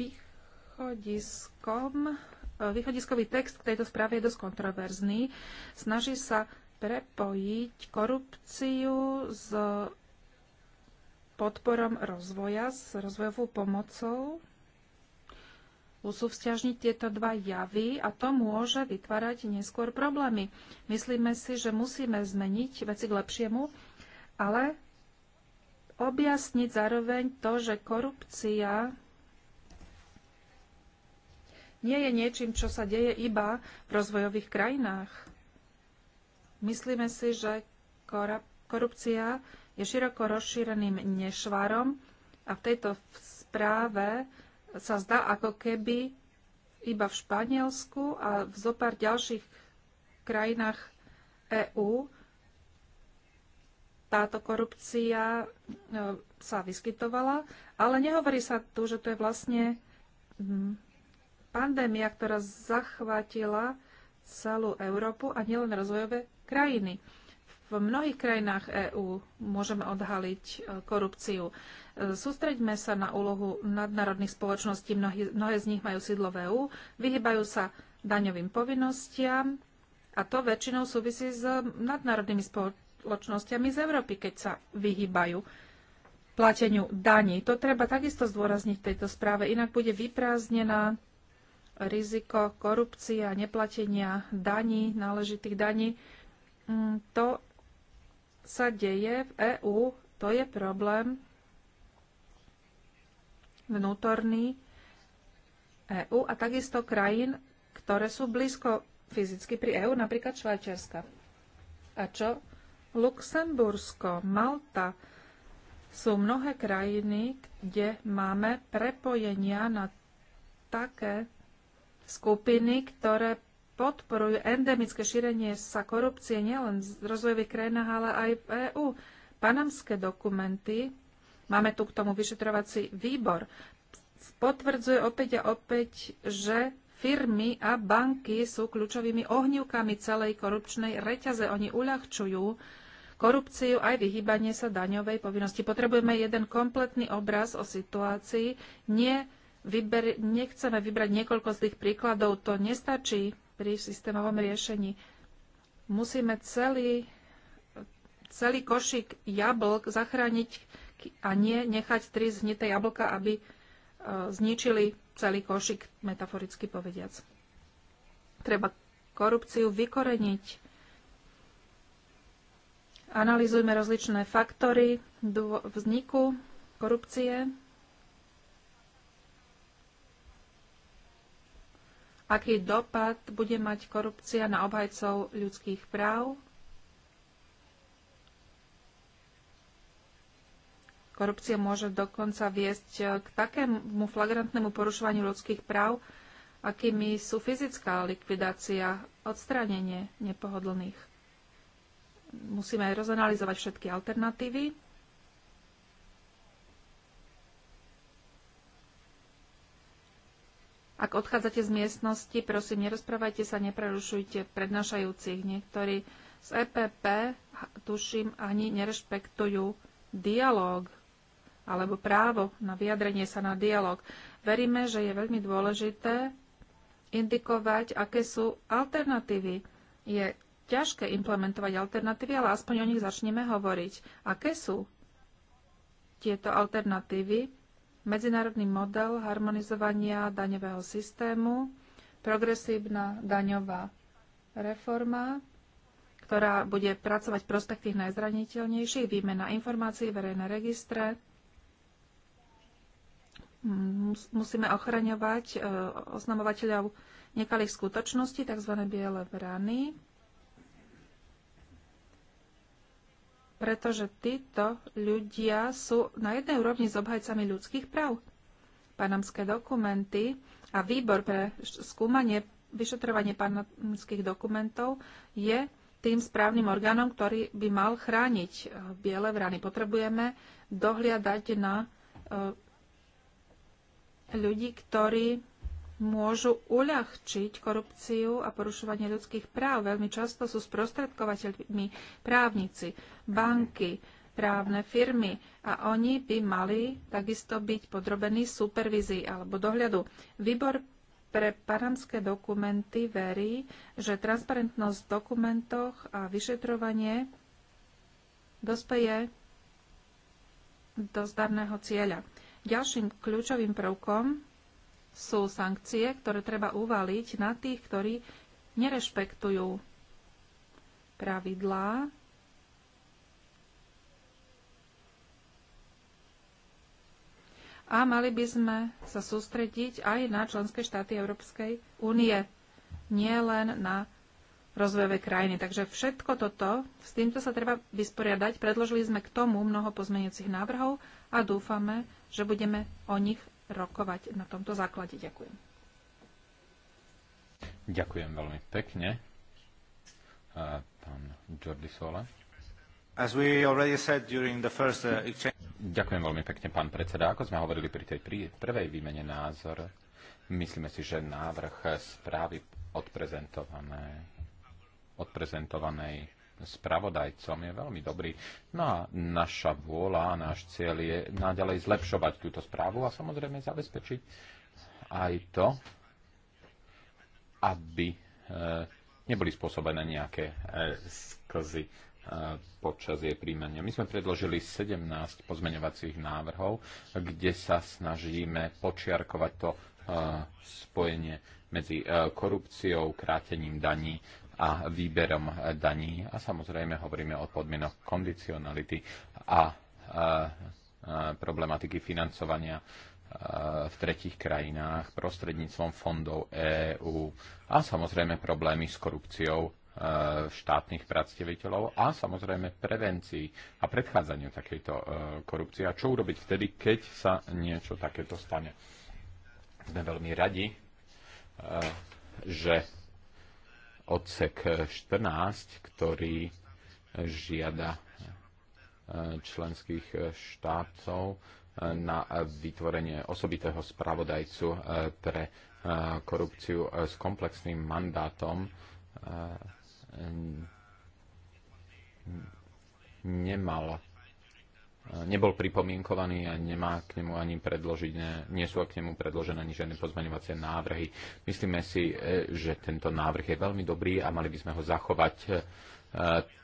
východiskom, e, východiskový text k tejto správe je dosť kontroverzný. Snaží sa prepojiť korupciu s podporom rozvoja, s rozvojovou pomocou usúvzťažniť tieto dva javy a to môže vytvárať neskôr problémy. Myslíme si, že musíme zmeniť veci k lepšiemu, ale objasniť zároveň to, že korupcia nie je niečím, čo sa deje iba v rozvojových krajinách. Myslíme si, že korupcia je široko rozšíreným nešvarom a v tejto správe sa zdá ako keby iba v Španielsku a v zopár ďalších krajinách EÚ táto korupcia e, sa vyskytovala, ale nehovorí sa tu, že to je vlastne mhm, pandémia, ktorá zachvátila celú Európu a nielen rozvojové krajiny. V mnohých krajinách EÚ môžeme odhaliť e, korupciu. E, sústreďme sa na úlohu nadnárodných spoločností, mnohí, mnohé z nich majú sídlo v EÚ, vyhýbajú sa daňovým povinnostiam a to väčšinou súvisí s nadnárodnými spoločnosťami spoločnosťami z Európy, keď sa vyhýbajú plateniu daní. To treba takisto zdôrazniť v tejto správe, inak bude vyprázdnená riziko korupcie a neplatenia daní, náležitých daní. Mm, to sa deje v EÚ, to je problém vnútorný EÚ a takisto krajín, ktoré sú blízko fyzicky pri EÚ, napríklad Švajčiarska. A čo Luxembursko, Malta sú mnohé krajiny, kde máme prepojenia na také skupiny, ktoré podporujú endemické šírenie sa korupcie nielen v rozvojových krajinách, ale aj v EÚ. Panamské dokumenty, máme tu k tomu vyšetrovací výbor, potvrdzuje opäť a opäť, že firmy a banky sú kľúčovými ohnívkami celej korupčnej reťaze. Oni uľahčujú korupciu aj vyhýbanie sa daňovej povinnosti. Potrebujeme jeden kompletný obraz o situácii. Nie vyber, nechceme vybrať niekoľko z tých príkladov. To nestačí pri systémovom riešení. Musíme celý, celý košík jablk zachrániť a nie nechať tri znité jablka, aby e, zničili celý košík, metaforicky povediac. Treba korupciu vykoreniť Analýzujme rozličné faktory vzniku korupcie, aký dopad bude mať korupcia na obhajcov ľudských práv, Korupcia môže dokonca viesť eh, k takému flagrantnému porušovaniu ľudských práv, akými sú fyzická likvidácia, odstránenie nepohodlných musíme rozanalizovať všetky alternatívy. Ak odchádzate z miestnosti, prosím, nerozprávajte sa, neprerušujte prednášajúcich. Niektorí z EPP, tuším, ani nerešpektujú dialog alebo právo na vyjadrenie sa na dialog. Veríme, že je veľmi dôležité indikovať, aké sú alternatívy. Je ťažké implementovať alternatívy, ale aspoň o nich začneme hovoriť. Aké sú tieto alternatívy? Medzinárodný model harmonizovania daňového systému, progresívna daňová reforma, ktorá bude pracovať v prospech tých najzraniteľnejších, výmena informácií, verejné registre, musíme ochraňovať e, oznamovateľov nekalých skutočností, tzv. biele vrany. pretože títo ľudia sú na jednej úrovni s obhajcami ľudských práv. Panamské dokumenty a výbor pre skúmanie, vyšetrovanie panamských dokumentov je tým správnym orgánom, ktorý by mal chrániť eh, biele vrany. Potrebujeme dohliadať na eh, ľudí, ktorí môžu uľahčiť korupciu a porušovanie ľudských práv. Veľmi často sú sprostredkovateľmi právnici, banky, právne firmy a oni by mali takisto byť podrobení supervízii alebo dohľadu. Výbor pre panamské dokumenty verí, že transparentnosť v dokumentoch a vyšetrovanie dospeje do zdarného cieľa. Ďalším kľúčovým prvkom sú sankcie, ktoré treba uvaliť na tých, ktorí nerešpektujú pravidlá. A mali by sme sa sústrediť aj na členské štáty Európskej únie, nie len na rozvojové krajiny. Takže všetko toto, s týmto sa treba vysporiadať. Predložili sme k tomu mnoho pozmeniacich návrhov a dúfame, že budeme o nich rokovať na tomto základe. Ďakujem.
Ďakujem veľmi pekne. Pán Jordi Sola. As we already Said, during the first, uh, exchange... Ďakujem veľmi pekne, pán predseda. Ako sme hovorili pri tej prí, prvej výmene názor, myslíme si, že návrh správy odprezentované, odprezentovanej spravodajcom, je veľmi dobrý. No a naša vôľa, náš cieľ je naďalej zlepšovať túto správu a samozrejme zabezpečiť aj to, aby eh, neboli spôsobené nejaké eh, sklzy eh, počas jej príjmania. My sme predložili 17 pozmeňovacích návrhov, kde sa snažíme počiarkovať to spojenie medzi korupciou, krátením daní a výberom daní. A samozrejme hovoríme o podmienok kondicionality a problematiky financovania v tretich krajinách prostredníctvom fondov EÚ a samozrejme problémy s korupciou e, štátnych predstaviteľov a samozrejme prevencii a predchádzaniu takejto e, korupcie a čo urobiť vtedy, keď sa niečo takéto stane. Sme veľmi radi, e, že odsek 14, e, ktorý e, žiada e, členských štátov na vytvorenie osobitého spravodajcu pre korupciu s komplexným mandátom nemal nebol pripomienkovaný a nemá k nemu ani predložené, nie sú k nemu predložené ani žiadne pozmeňovacie návrhy. Myslíme si, e, že tento návrh je veľmi dobrý a mali by sme ho zachovať e,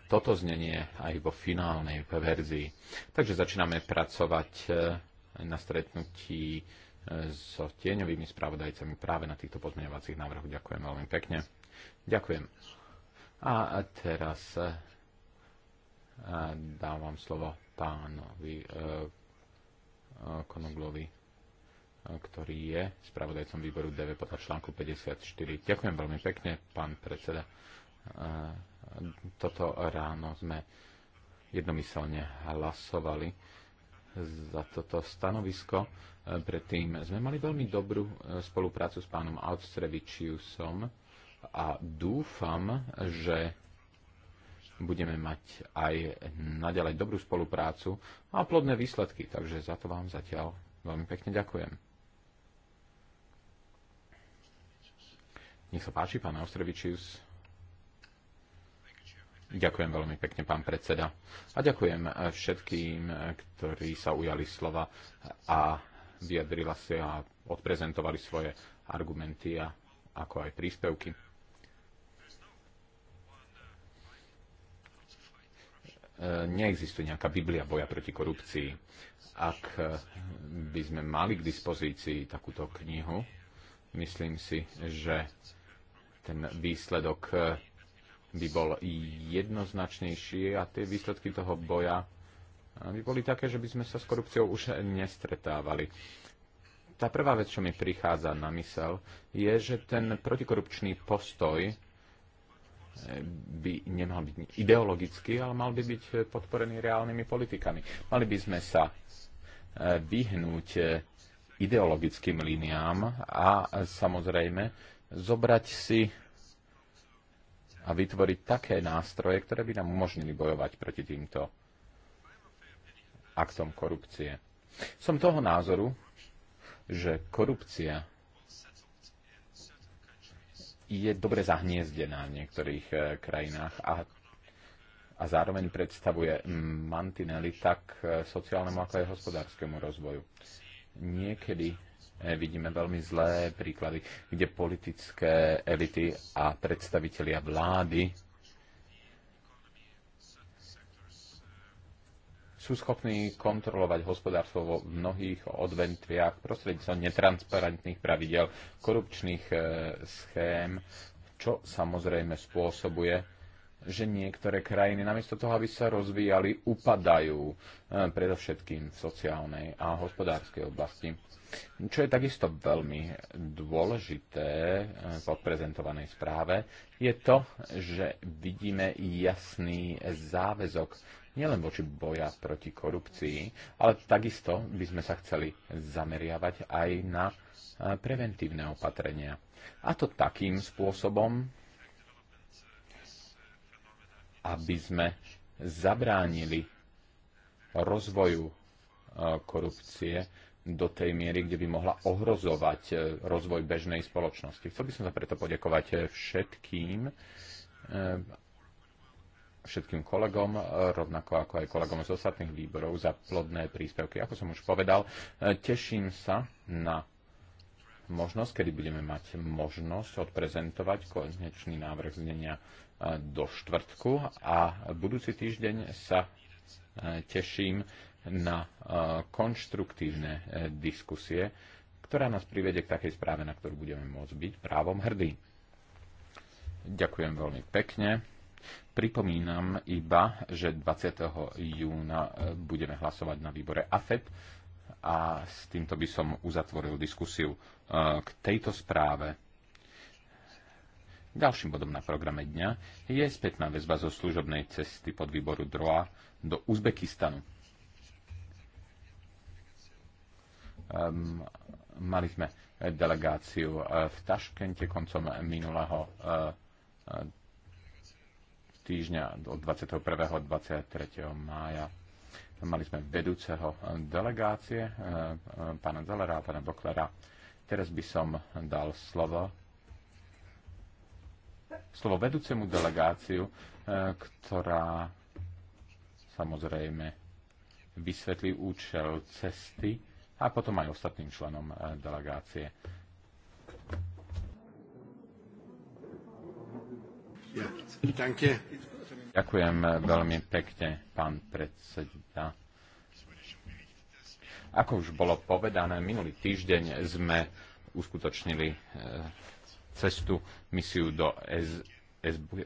toto znenie aj vo finálnej verzii. Takže začíname pracovať e, na stretnutí so tieňovými spravodajcami práve na týchto pozmeňovacích návrhoch. Ďakujem veľmi pekne. Ďakujem. A teraz Dávam slovo pánovi e, e, Konoglovi, e, ktorý je spravodajcom výboru DV podľa článku 54. Ďakujem veľmi pekne, pán predseda. Toto ráno sme jednomyselne hlasovali za toto stanovisko. Predtým sme mali veľmi dobrú spoluprácu s pánom Austrevičiusom a dúfam, že budeme mať aj naďalej dobrú spoluprácu a plodné výsledky. Takže za to vám zatiaľ veľmi pekne ďakujem. Nech sa páči, pán Austrevičius. Ďakujem veľmi pekne, pán predseda. A ďakujem všetkým, ktorí sa ujali slova a vyjadrila si a odprezentovali svoje argumenty a ako aj príspevky. neexistuje nejaká Biblia boja proti korupcii. Ak by sme mali k dispozícii takúto knihu, myslím si, že ten výsledok by bol jednoznačnejší a tie výsledky toho boja by boli také, že by sme sa s korupciou už nestretávali. Tá prvá vec, čo mi prichádza na mysel, je, že ten protikorupčný postoj Eh, by nemal byť ideologický, ale mal by byť eh, podporený reálnymi politikami. Mali by sme sa eh, vyhnúť ideologickým líniám a samozrejme zobrať si a vytvoriť také nástroje, ktoré by nám umožnili bojovať proti týmto aktom korupcie. Som toho názoru, že korupcia je dobre zahniezdená v niektorých eh, krajinách a, a zároveň predstavuje mantinely tak eh, sociálnemu, ako aj hospodárskému rozvoju. Niekedy eh, vidíme veľmi zlé príklady, kde politické elity a predstavitelia vlády sú schopní kontrolovať hospodárstvo vo mnohých odventviach prostredníctvom netransparentných pravidel, korupčných e, schém, čo samozrejme spôsobuje, že niektoré krajiny namiesto toho, aby sa rozvíjali, upadajú e, predovšetkým v sociálnej a hospodárskej oblasti. Čo je takisto veľmi dôležité e, v prezentovanej správe, je to, že vidíme jasný záväzok nielen voči boja proti korupcii, ale takisto by sme sa chceli zameriavať aj na e, preventívne opatrenia. A to takým spôsobom, aby sme zabránili rozvoju e, korupcie do tej miery, kde by mohla ohrozovať e, rozvoj bežnej spoločnosti. Chcel by som sa preto poďakovať všetkým všetkým kolegom, e, rovnako ako aj kolegom z ostatných výborov za plodné príspevky. Ako som už povedal, e, teším sa na možnosť, kedy budeme mať možnosť odprezentovať konečný návrh znenia e, do štvrtku a budúci týždeň sa teším na konštruktívne diskusie, ktorá nás privede k takej správe, na ktorú budeme môcť byť právom hrdí. Ďakujem veľmi pekne. Pripomínam iba, že 20. júna e, budeme hlasovať na výbore AFED a s týmto by som uzatvoril diskusiu e, k tejto správe. Ďalším bodom na programe dňa je spätná väzba zo služobnej cesty pod výboru DROA do Uzbekistanu. Um, mali sme delegáciu e, v Taškente koncom minulého týždňa od 21. a 23. mája. Mali sme vedúceho delegácie, eh, eh, pána Zalera a pána Boklera. Teraz by som dal slovo slovo vedúcemu delegáciu, eh, ktorá samozrejme vysvetlí účel cesty a potom aj ostatným členom delegácie. Ďakujem veľmi pekne, pán predseda. Ako už bolo povedané, minulý týždeň sme uskutočnili e, cestu, misiu do S-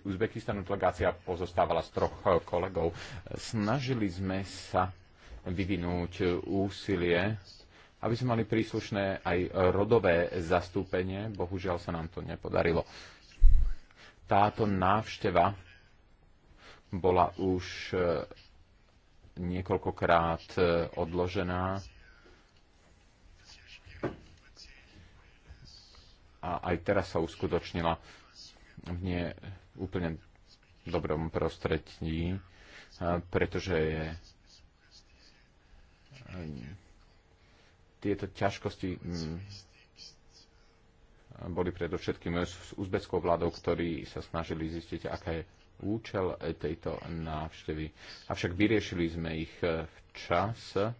Uzbekistanu. Delegácia pozostávala z troch e, kolegov. Snažili sme sa vyvinúť úsilie, aby sme mali príslušné aj rodové zastúpenie. Bohužiaľ sa nám to nepodarilo táto návšteva bola už e, niekoľkokrát e, odložená a aj teraz sa uskutočnila v nie úplne dobrom prostredí, e, pretože je tieto ťažkosti boli predovšetkým s uzbeckou vládou, ktorí sa snažili zistiť, aká je účel e, tejto návštevy. Avšak vyriešili sme ich e, včas, e,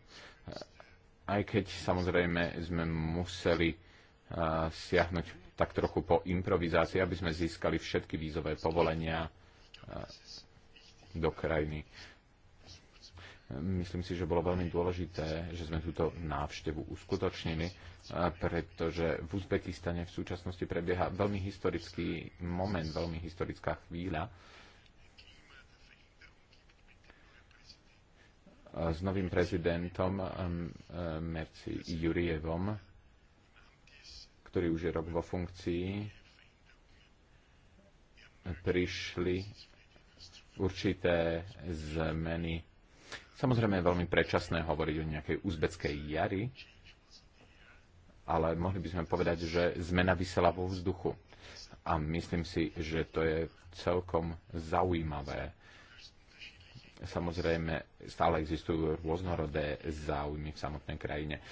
aj keď samozrejme sme museli siahnuť tak trochu po improvizácii, aby sme získali všetky vízové povolenia do krajiny. Myslím si, že bolo veľmi dôležité, že sme túto návštevu uskutočnili, pretože v Uzbekistane v súčasnosti prebieha veľmi historický moment, veľmi historická chvíľa, s novým prezidentom um, um, Merci Jurievom, ktorý už je rok vo funkcii, prišli určité zmeny Samozrejme je veľmi predčasné hovoriť o nejakej uzbeckej jari, ale mohli by sme povedať, že zmena vysela vo vzduchu. A myslím si, že to je celkom zaujímavé. Samozrejme, stále existujú rôznorodé záujmy v samotnej krajine.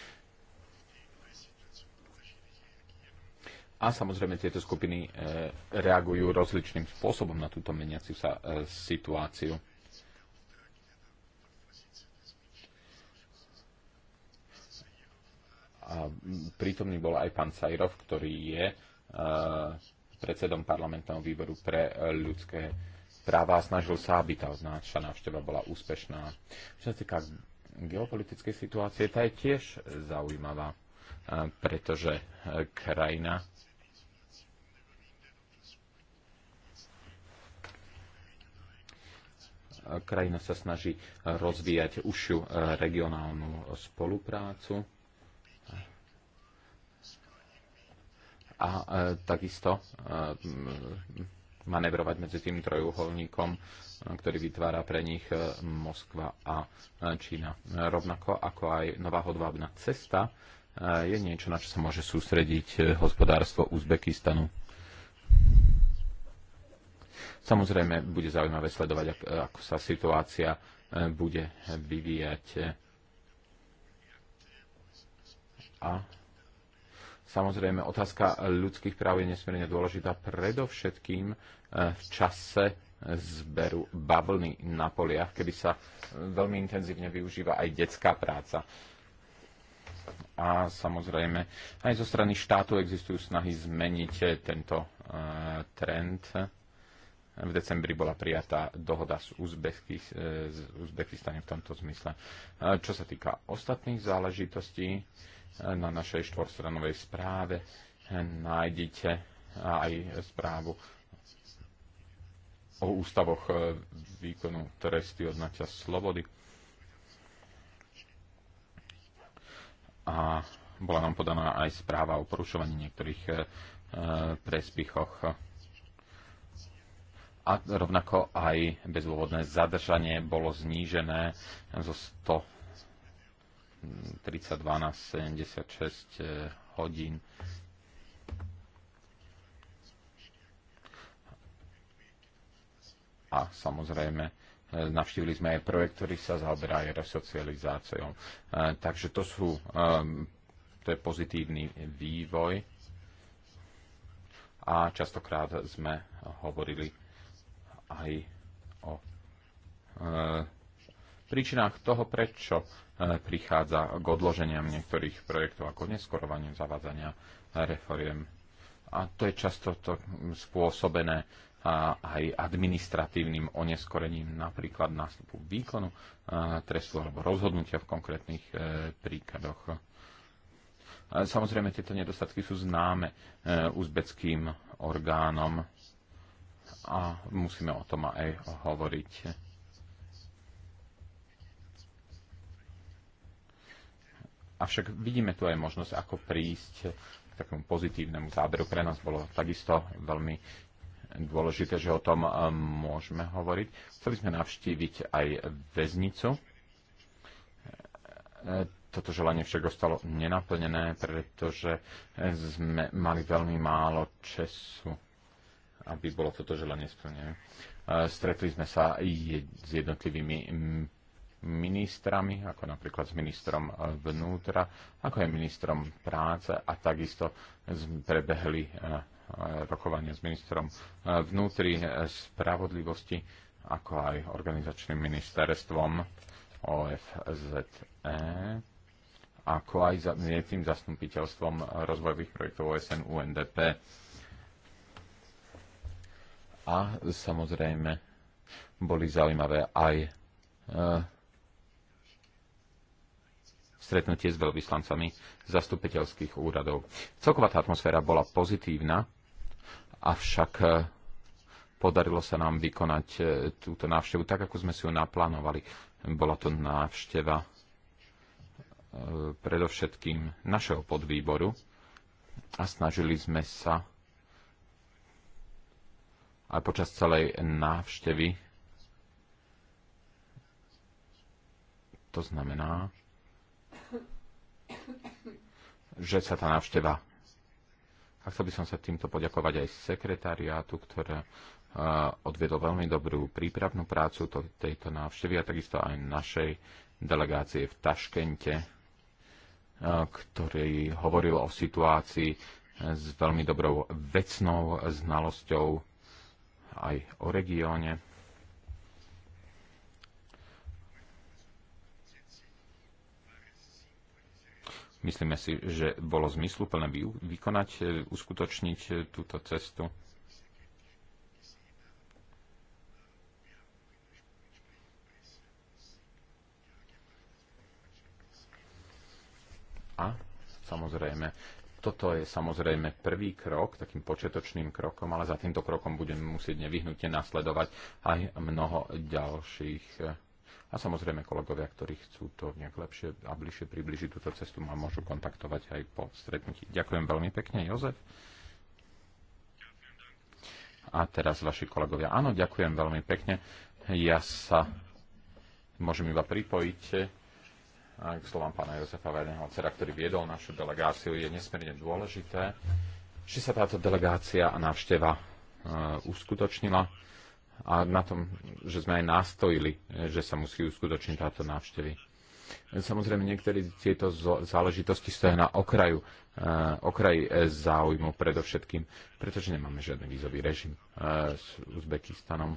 A samozrejme tieto skupiny eh, reagujú rozličným spôsobom na túto meniaciu sa eh, situáciu. prítomný bol aj pán Sajrov, ktorý je e, predsedom parlamentného výboru pre e, ľudské práva a snažil sa, aby tá naša návšteva bola úspešná. Čo sa týka geopolitickej situácie, tá je tiež zaujímavá, e, pretože krajina krajina sa snaží rozvíjať užšiu regionálnu spoluprácu a e, takisto e, manevrovať medzi tým trojuholníkom, ktorý vytvára pre nich e, Moskva a Čína. Rovnako ako aj nová hodvábna cesta je niečo, na čo sa môže sústrediť hospodárstvo Uzbekistanu. Samozrejme, bude zaujímavé sledovať, ako sa situácia bude vyvíjať. A Samozrejme, otázka ľudských práv je nesmierne dôležitá predovšetkým e, v čase zberu bavlny na poliach, kedy sa veľmi intenzívne využíva aj detská práca. A samozrejme, aj zo strany štátu existujú snahy zmeniť tento e, trend. V decembri bola prijatá dohoda s, e, Uzbekis, s v tomto zmysle. Čo sa týka ostatných záležitostí, na našej štvorstranovej správe nájdete aj správu o ústavoch e, výkonu tresty odnatia slobody. A bola nám podaná aj správa o porušovaní niektorých e, e, prespichoch a rovnako aj bezôvodné zadržanie bolo znížené zo 32 na 76 hodín. A samozrejme, eh, navštívili sme aj projekt, ktorý sa zaoberá aj resocializáciou. Eh, takže to sú eh, to je pozitívny vývoj a častokrát sme hovorili aj o príčinách toho, prečo E, prichádza k odloženiam niektorých projektov ako neskorovaniu zavádzania reforiem. A to je často to spôsobené e, aj administratívnym oneskorením napríklad nástupu výkonu e, trestu alebo rozhodnutia v konkrétnych príkladoch. Samozrejme, tieto nedostatky sú známe uzbeckým orgánom a musíme o tom aj hovoriť Avšak vidíme tu aj možnosť, ako prísť k takému pozitívnemu záberu. Pre nás bolo takisto veľmi dôležité, že o tom eh, môžeme hovoriť. Chceli sme navštíviť aj väznicu. Eh, toto želanie však ostalo nenaplnené, pretože eh, sme mali veľmi málo času, aby bolo toto želanie splnené. Stretli sme sa s jednotlivými mm, ministrami, ako napríklad s ministrom e, vnútra, ako aj ministrom práce a takisto prebehli e, e, rokovania s ministrom vnútri, spravodlivosti, ako aj organizačným ministerstvom OFZE, ako aj za, tým zastupiteľstvom rozvojových projektov OSN UNDP. A samozrejme boli zaujímavé aj stretnutie s veľvyslancami zastupiteľských úradov. Celková tá atmosféra bola pozitívna, avšak eh, podarilo sa nám vykonať eh, túto návštevu tak, ako sme si ju naplánovali. Bola to návšteva eh, predovšetkým našeho podvýboru a snažili sme sa aj počas celej návštevy to znamená, že sa tá návšteva. A chcel by som sa týmto poďakovať aj sekretariátu, ktoré odvedol veľmi dobrú prípravnú prácu tejto návštevy a takisto aj našej delegácie v Taškente, ktorý hovoril o situácii s veľmi dobrou vecnou znalosťou aj o regióne. Myslíme si, že bolo zmysluplné vykonať, e, uskutočniť e, túto cestu. A samozrejme, toto je samozrejme prvý krok, takým počiatočným krokom, ale za týmto krokom budeme musieť nevyhnutne nasledovať aj mnoho ďalších e, a samozrejme kolegovia, ktorí chcú to nejak lepšie a bližšie približiť túto cestu, ma môžu kontaktovať aj po stretnutí. Ďakujem veľmi pekne, Jozef. A teraz vaši kolegovia. Áno, ďakujem veľmi pekne. Ja sa môžem iba pripojiť k slovám pána Jozefa Vernehalcera, ktorý viedol našu delegáciu. Je nesmierne dôležité, že sa táto delegácia a návšteva e, uskutočnila a na tom, že sme aj nastojili, že sa musí uskutočniť táto návštevy. Samozrejme, niektoré tieto záležitosti stojí na okraju, eh, okraji eh, záujmu predovšetkým, pretože nemáme žiadny vízový režim eh, s Uzbekistanom.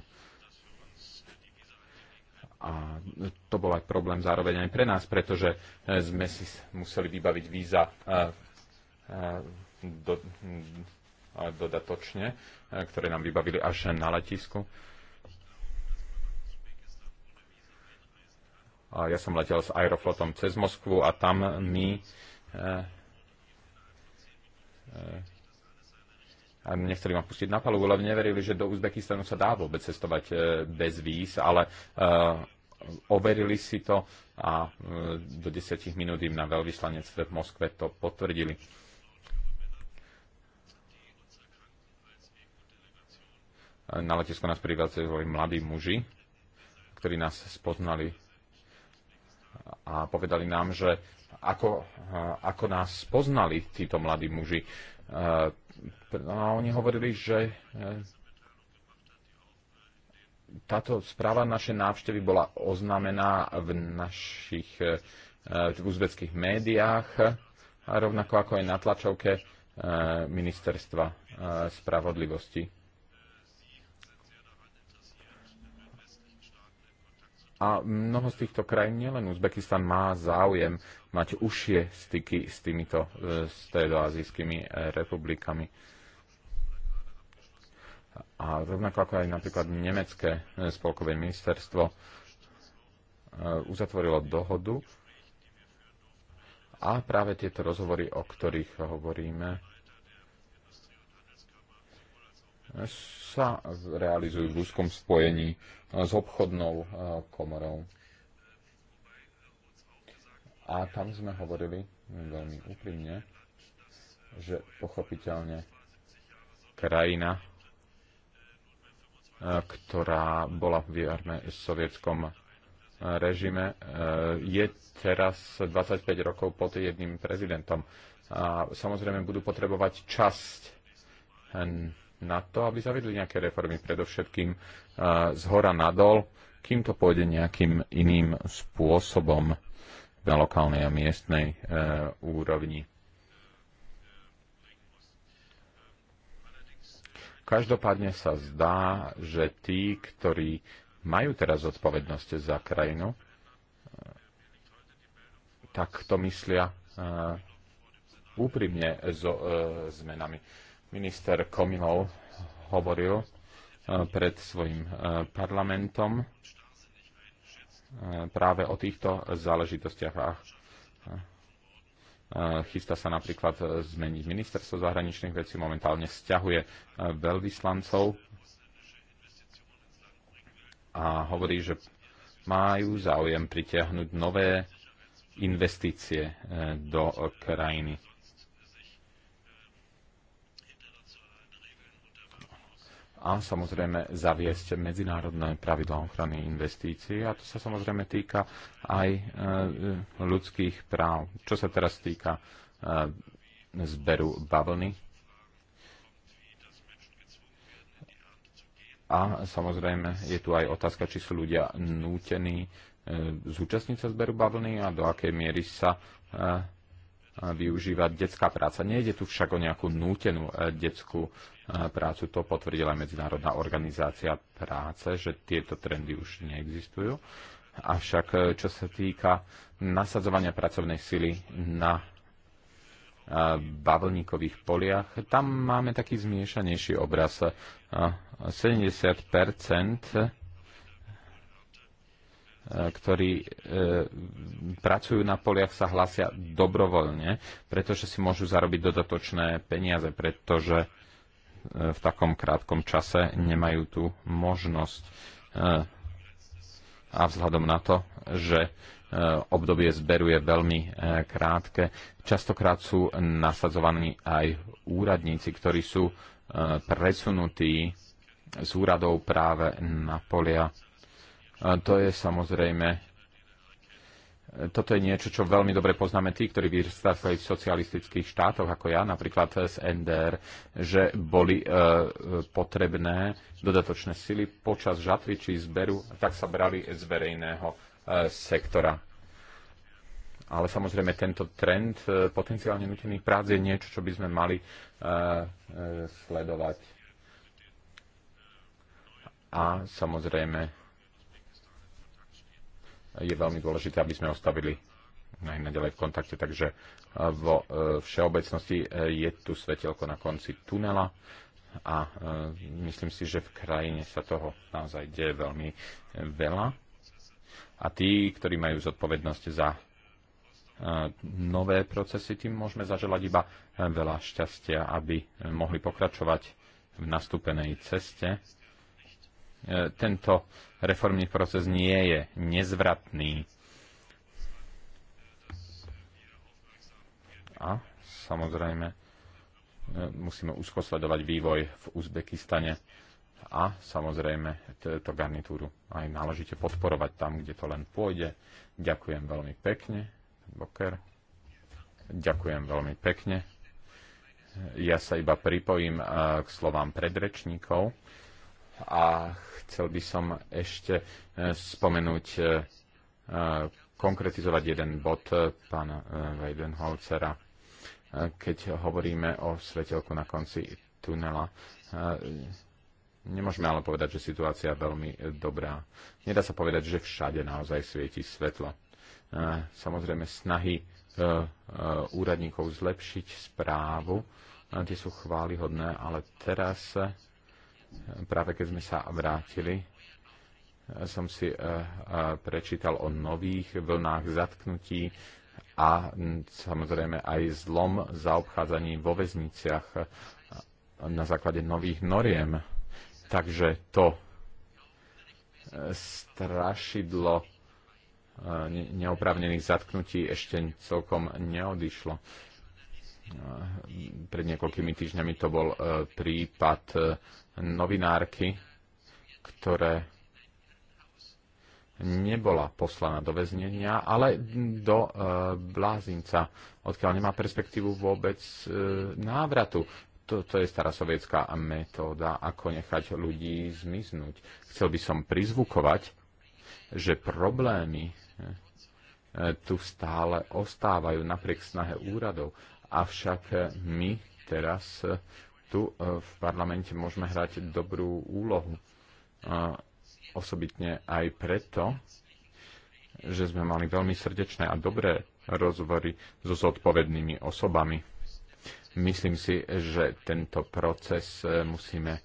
A to bol aj problém zároveň aj pre nás, pretože sme si museli vybaviť víza do, hm, dodatočne, ktoré nám vybavili až na letisku. A ja som letel s Aeroflotom cez Moskvu a tam mi eh, eh, a nechceli ma pustiť na palubu, lebo neverili, že do Uzbekistanu sa dá vôbec cestovať eh, bez víz, ale overili si to a do desiatich minút im na veľvyslanectve v Moskve to potvrdili. Na letisko nás privádzali mladí muži, ktorí nás spoznali a povedali nám, že ako, ako nás poznali títo mladí muži. A oni hovorili, že e, táto správa našej návštevy bola oznámená v našich e, v uzbeckých médiách, a rovnako ako aj na tlačovke e, ministerstva spravodlivosti. A mnoho z týchto krajín, nielen Uzbekistan, má záujem mať užšie styky s týmito e, stredoazijskými e, republikami. A rovnako ako aj napríklad nemecké e, spolkové ministerstvo uzatvorilo dohodu a práve tieto rozhovory, o ktorých hovoríme, sa realizujú v úzkom spojení s obchodnou komorou. A tam sme hovorili veľmi úprimne, že pochopiteľne krajina, ktorá bola v sovietskom režime, je teraz 25 rokov pod jedným prezidentom. A samozrejme budú potrebovať časť hm na to, aby zavedli nejaké reformy, predovšetkým eh, z hora nadol, kým to pôjde nejakým iným spôsobom na lokálnej a miestnej eh, úrovni. Každopádne sa zdá, že tí, ktorí majú teraz zodpovednosť za krajinu, eh, tak to myslia úprimne so zmenami minister Komilov hovoril e, pred svojim e, parlamentom e, práve o týchto záležitostiach. Chystá sa napríklad zmeniť ministerstvo zahraničných vecí, momentálne stiahuje veľvyslancov a hovorí, že majú záujem pritiahnuť nové investície do krajiny a samozrejme zaviesť medzinárodné pravidla ochrany investícií. A to sa samozrejme týka aj e, e, ľudských práv. Čo sa teraz týka e, zberu bavlny a samozrejme je tu aj otázka, či sú ľudia nútení zúčastniť sa zberu bavlny a do akej miery sa využívať detská práca. Nejde tu však o nejakú nútenú e, detskú e, prácu. To potvrdila Medzinárodná organizácia práce, že tieto trendy už neexistujú. Avšak e, čo sa týka nasadzovania pracovnej sily na bavlníkových poliach, tam máme taký zmiešanejší obraz. 70 E, ktorí e, pracujú na poliach, sa hlásia dobrovoľne, pretože si môžu zarobiť dodatočné peniaze, pretože e, v takom krátkom čase nemajú tú možnosť. A vzhľadom na to, že obdobie zberu je veľmi krátke, častokrát sú nasadzovaní aj úradníci, ktorí sú presunutí z úradov práve na polia to je samozrejme toto je niečo, čo veľmi dobre poznáme tí, ktorí vyrastali v socialistických štátoch, ako ja, napríklad z NDR, že boli e, potrebné dodatočné sily počas žatvy či zberu, tak sa brali z verejného e, sektora. Ale samozrejme tento trend e, potenciálne nutených prác je niečo, čo by sme mali e, e, sledovať. A samozrejme je veľmi dôležité, aby sme ostavili aj naďalej v kontakte. Takže eh, vo eh, všeobecnosti eh, je tu svetelko na konci tunela a myslím si, že v krajine sa toho naozaj deje veľmi veľa. A tí, ktorí majú zodpovednosť za nové procesy, tým môžeme zaželať iba veľa šťastia, aby mohli pokračovať v nastúpenej ceste E, tento reformný proces nie je nezvratný. A samozrejme e, musíme úzko sledovať vývoj v Uzbekistane a samozrejme túto garnitúru aj náležite podporovať tam, kde to len pôjde. Ďakujem veľmi pekne, Boker. Ďakujem veľmi pekne. Ja sa iba pripojím e, k slovám predrečníkov a chcel by som ešte eh, spomenúť, eh, eh, konkretizovať jeden bod pána Weidenholzera. Keď hovoríme o svetelku na konci tunela, nemôžeme ale povedať, že situácia je veľmi dobrá. Nedá sa povedať, že všade naozaj svieti svetlo. Samozrejme, snahy úradníkov zlepšiť správu, tie sú chválihodné, ale teraz Práve keď sme sa vrátili, som si eh, eh, prečítal o nových vlnách zatknutí a hm, samozrejme aj zlom zaobchádzaní vo väzniciach eh, na základe nových noriem. Takže to strašidlo neoprávnených zatknutí ešte celkom neodišlo pred niekoľkými týždňami to bol e, prípad e, novinárky, ktoré nebola poslaná do väznenia, ale do e, blázinca, odkiaľ nemá perspektívu vôbec e, návratu. To, to je stará sovietská metóda, ako nechať ľudí zmiznúť. Chcel by som prizvukovať, že problémy e, e tu stále ostávajú napriek snahe úradov Avšak eh, my teraz eh, tu eh, v parlamente môžeme hrať dobrú úlohu. Osobitne aj preto, že sme mali veľmi srdečné a dobré rozhovory so zodpovednými osobami. Myslím si, že tento proces musíme,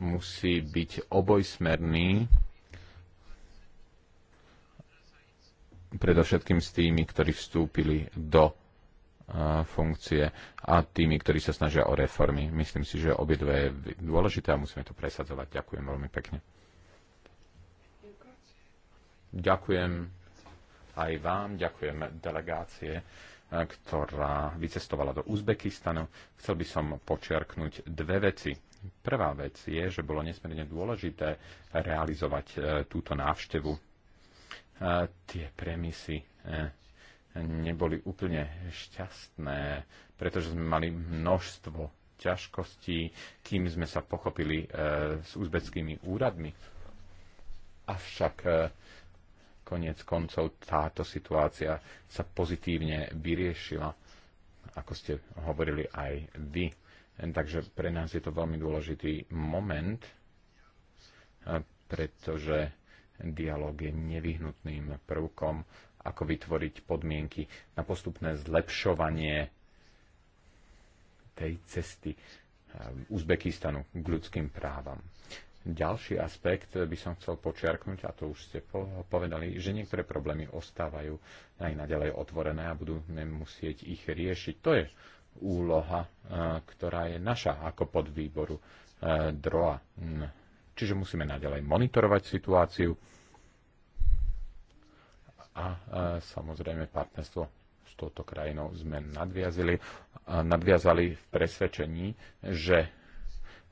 musí byť obojsmerný, predovšetkým s tými, ktorí vstúpili do funkcie a tými, ktorí sa snažia o reformy. Myslím si, že obidve je dôležité a musíme to presadzovať. Ďakujem veľmi pekne. Ďakujem aj vám, ďakujem delegácie, e, ktorá vycestovala do Uzbekistanu. Chcel by som počiarknúť dve veci. Prvá vec je, že bolo nesmierne dôležité realizovať e, túto návštevu. E, tie premisy neboli úplne šťastné, pretože sme mali množstvo ťažkostí, kým sme sa pochopili e, s uzbeckými úradmi. Avšak e, koniec koncov táto situácia sa pozitívne vyriešila, ako ste hovorili aj vy. Takže pre nás je to veľmi dôležitý moment, e, pretože dialog je nevyhnutným prvkom ako vytvoriť podmienky na postupné zlepšovanie tej cesty eh, Uzbekistanu k ľudským právam. Ďalší aspekt by som chcel počiarknúť, a to už ste povedali, že niektoré problémy ostávajú aj naďalej otvorené a budeme musieť ich riešiť. To je úloha, eh, ktorá je naša ako podvýboru eh, DROA. Hm. Čiže musíme naďalej monitorovať situáciu, a e, samozrejme partnerstvo s touto krajinou sme nadviazali, e, nadviazali v presvedčení, že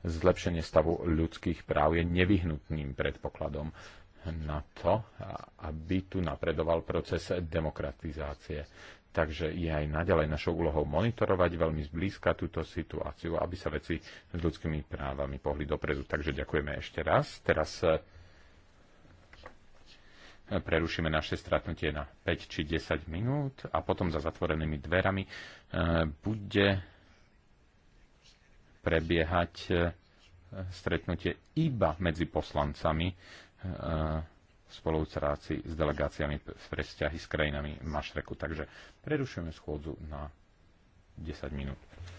zlepšenie stavu ľudských práv je nevyhnutným predpokladom na to, aby tu napredoval proces demokratizácie. Takže je aj naďalej našou úlohou monitorovať veľmi zblízka túto situáciu, aby sa veci s ľudskými právami pohli dopredu. Takže ďakujeme ešte raz. Teraz e, prerušíme naše stratnutie na 5 či 10 minút a potom za zatvorenými dverami e, bude prebiehať e, stretnutie iba medzi poslancami e, v spolupráci s delegáciami v presťahy s krajinami Mašreku. Takže prerušujeme schôdzu na 10 minút.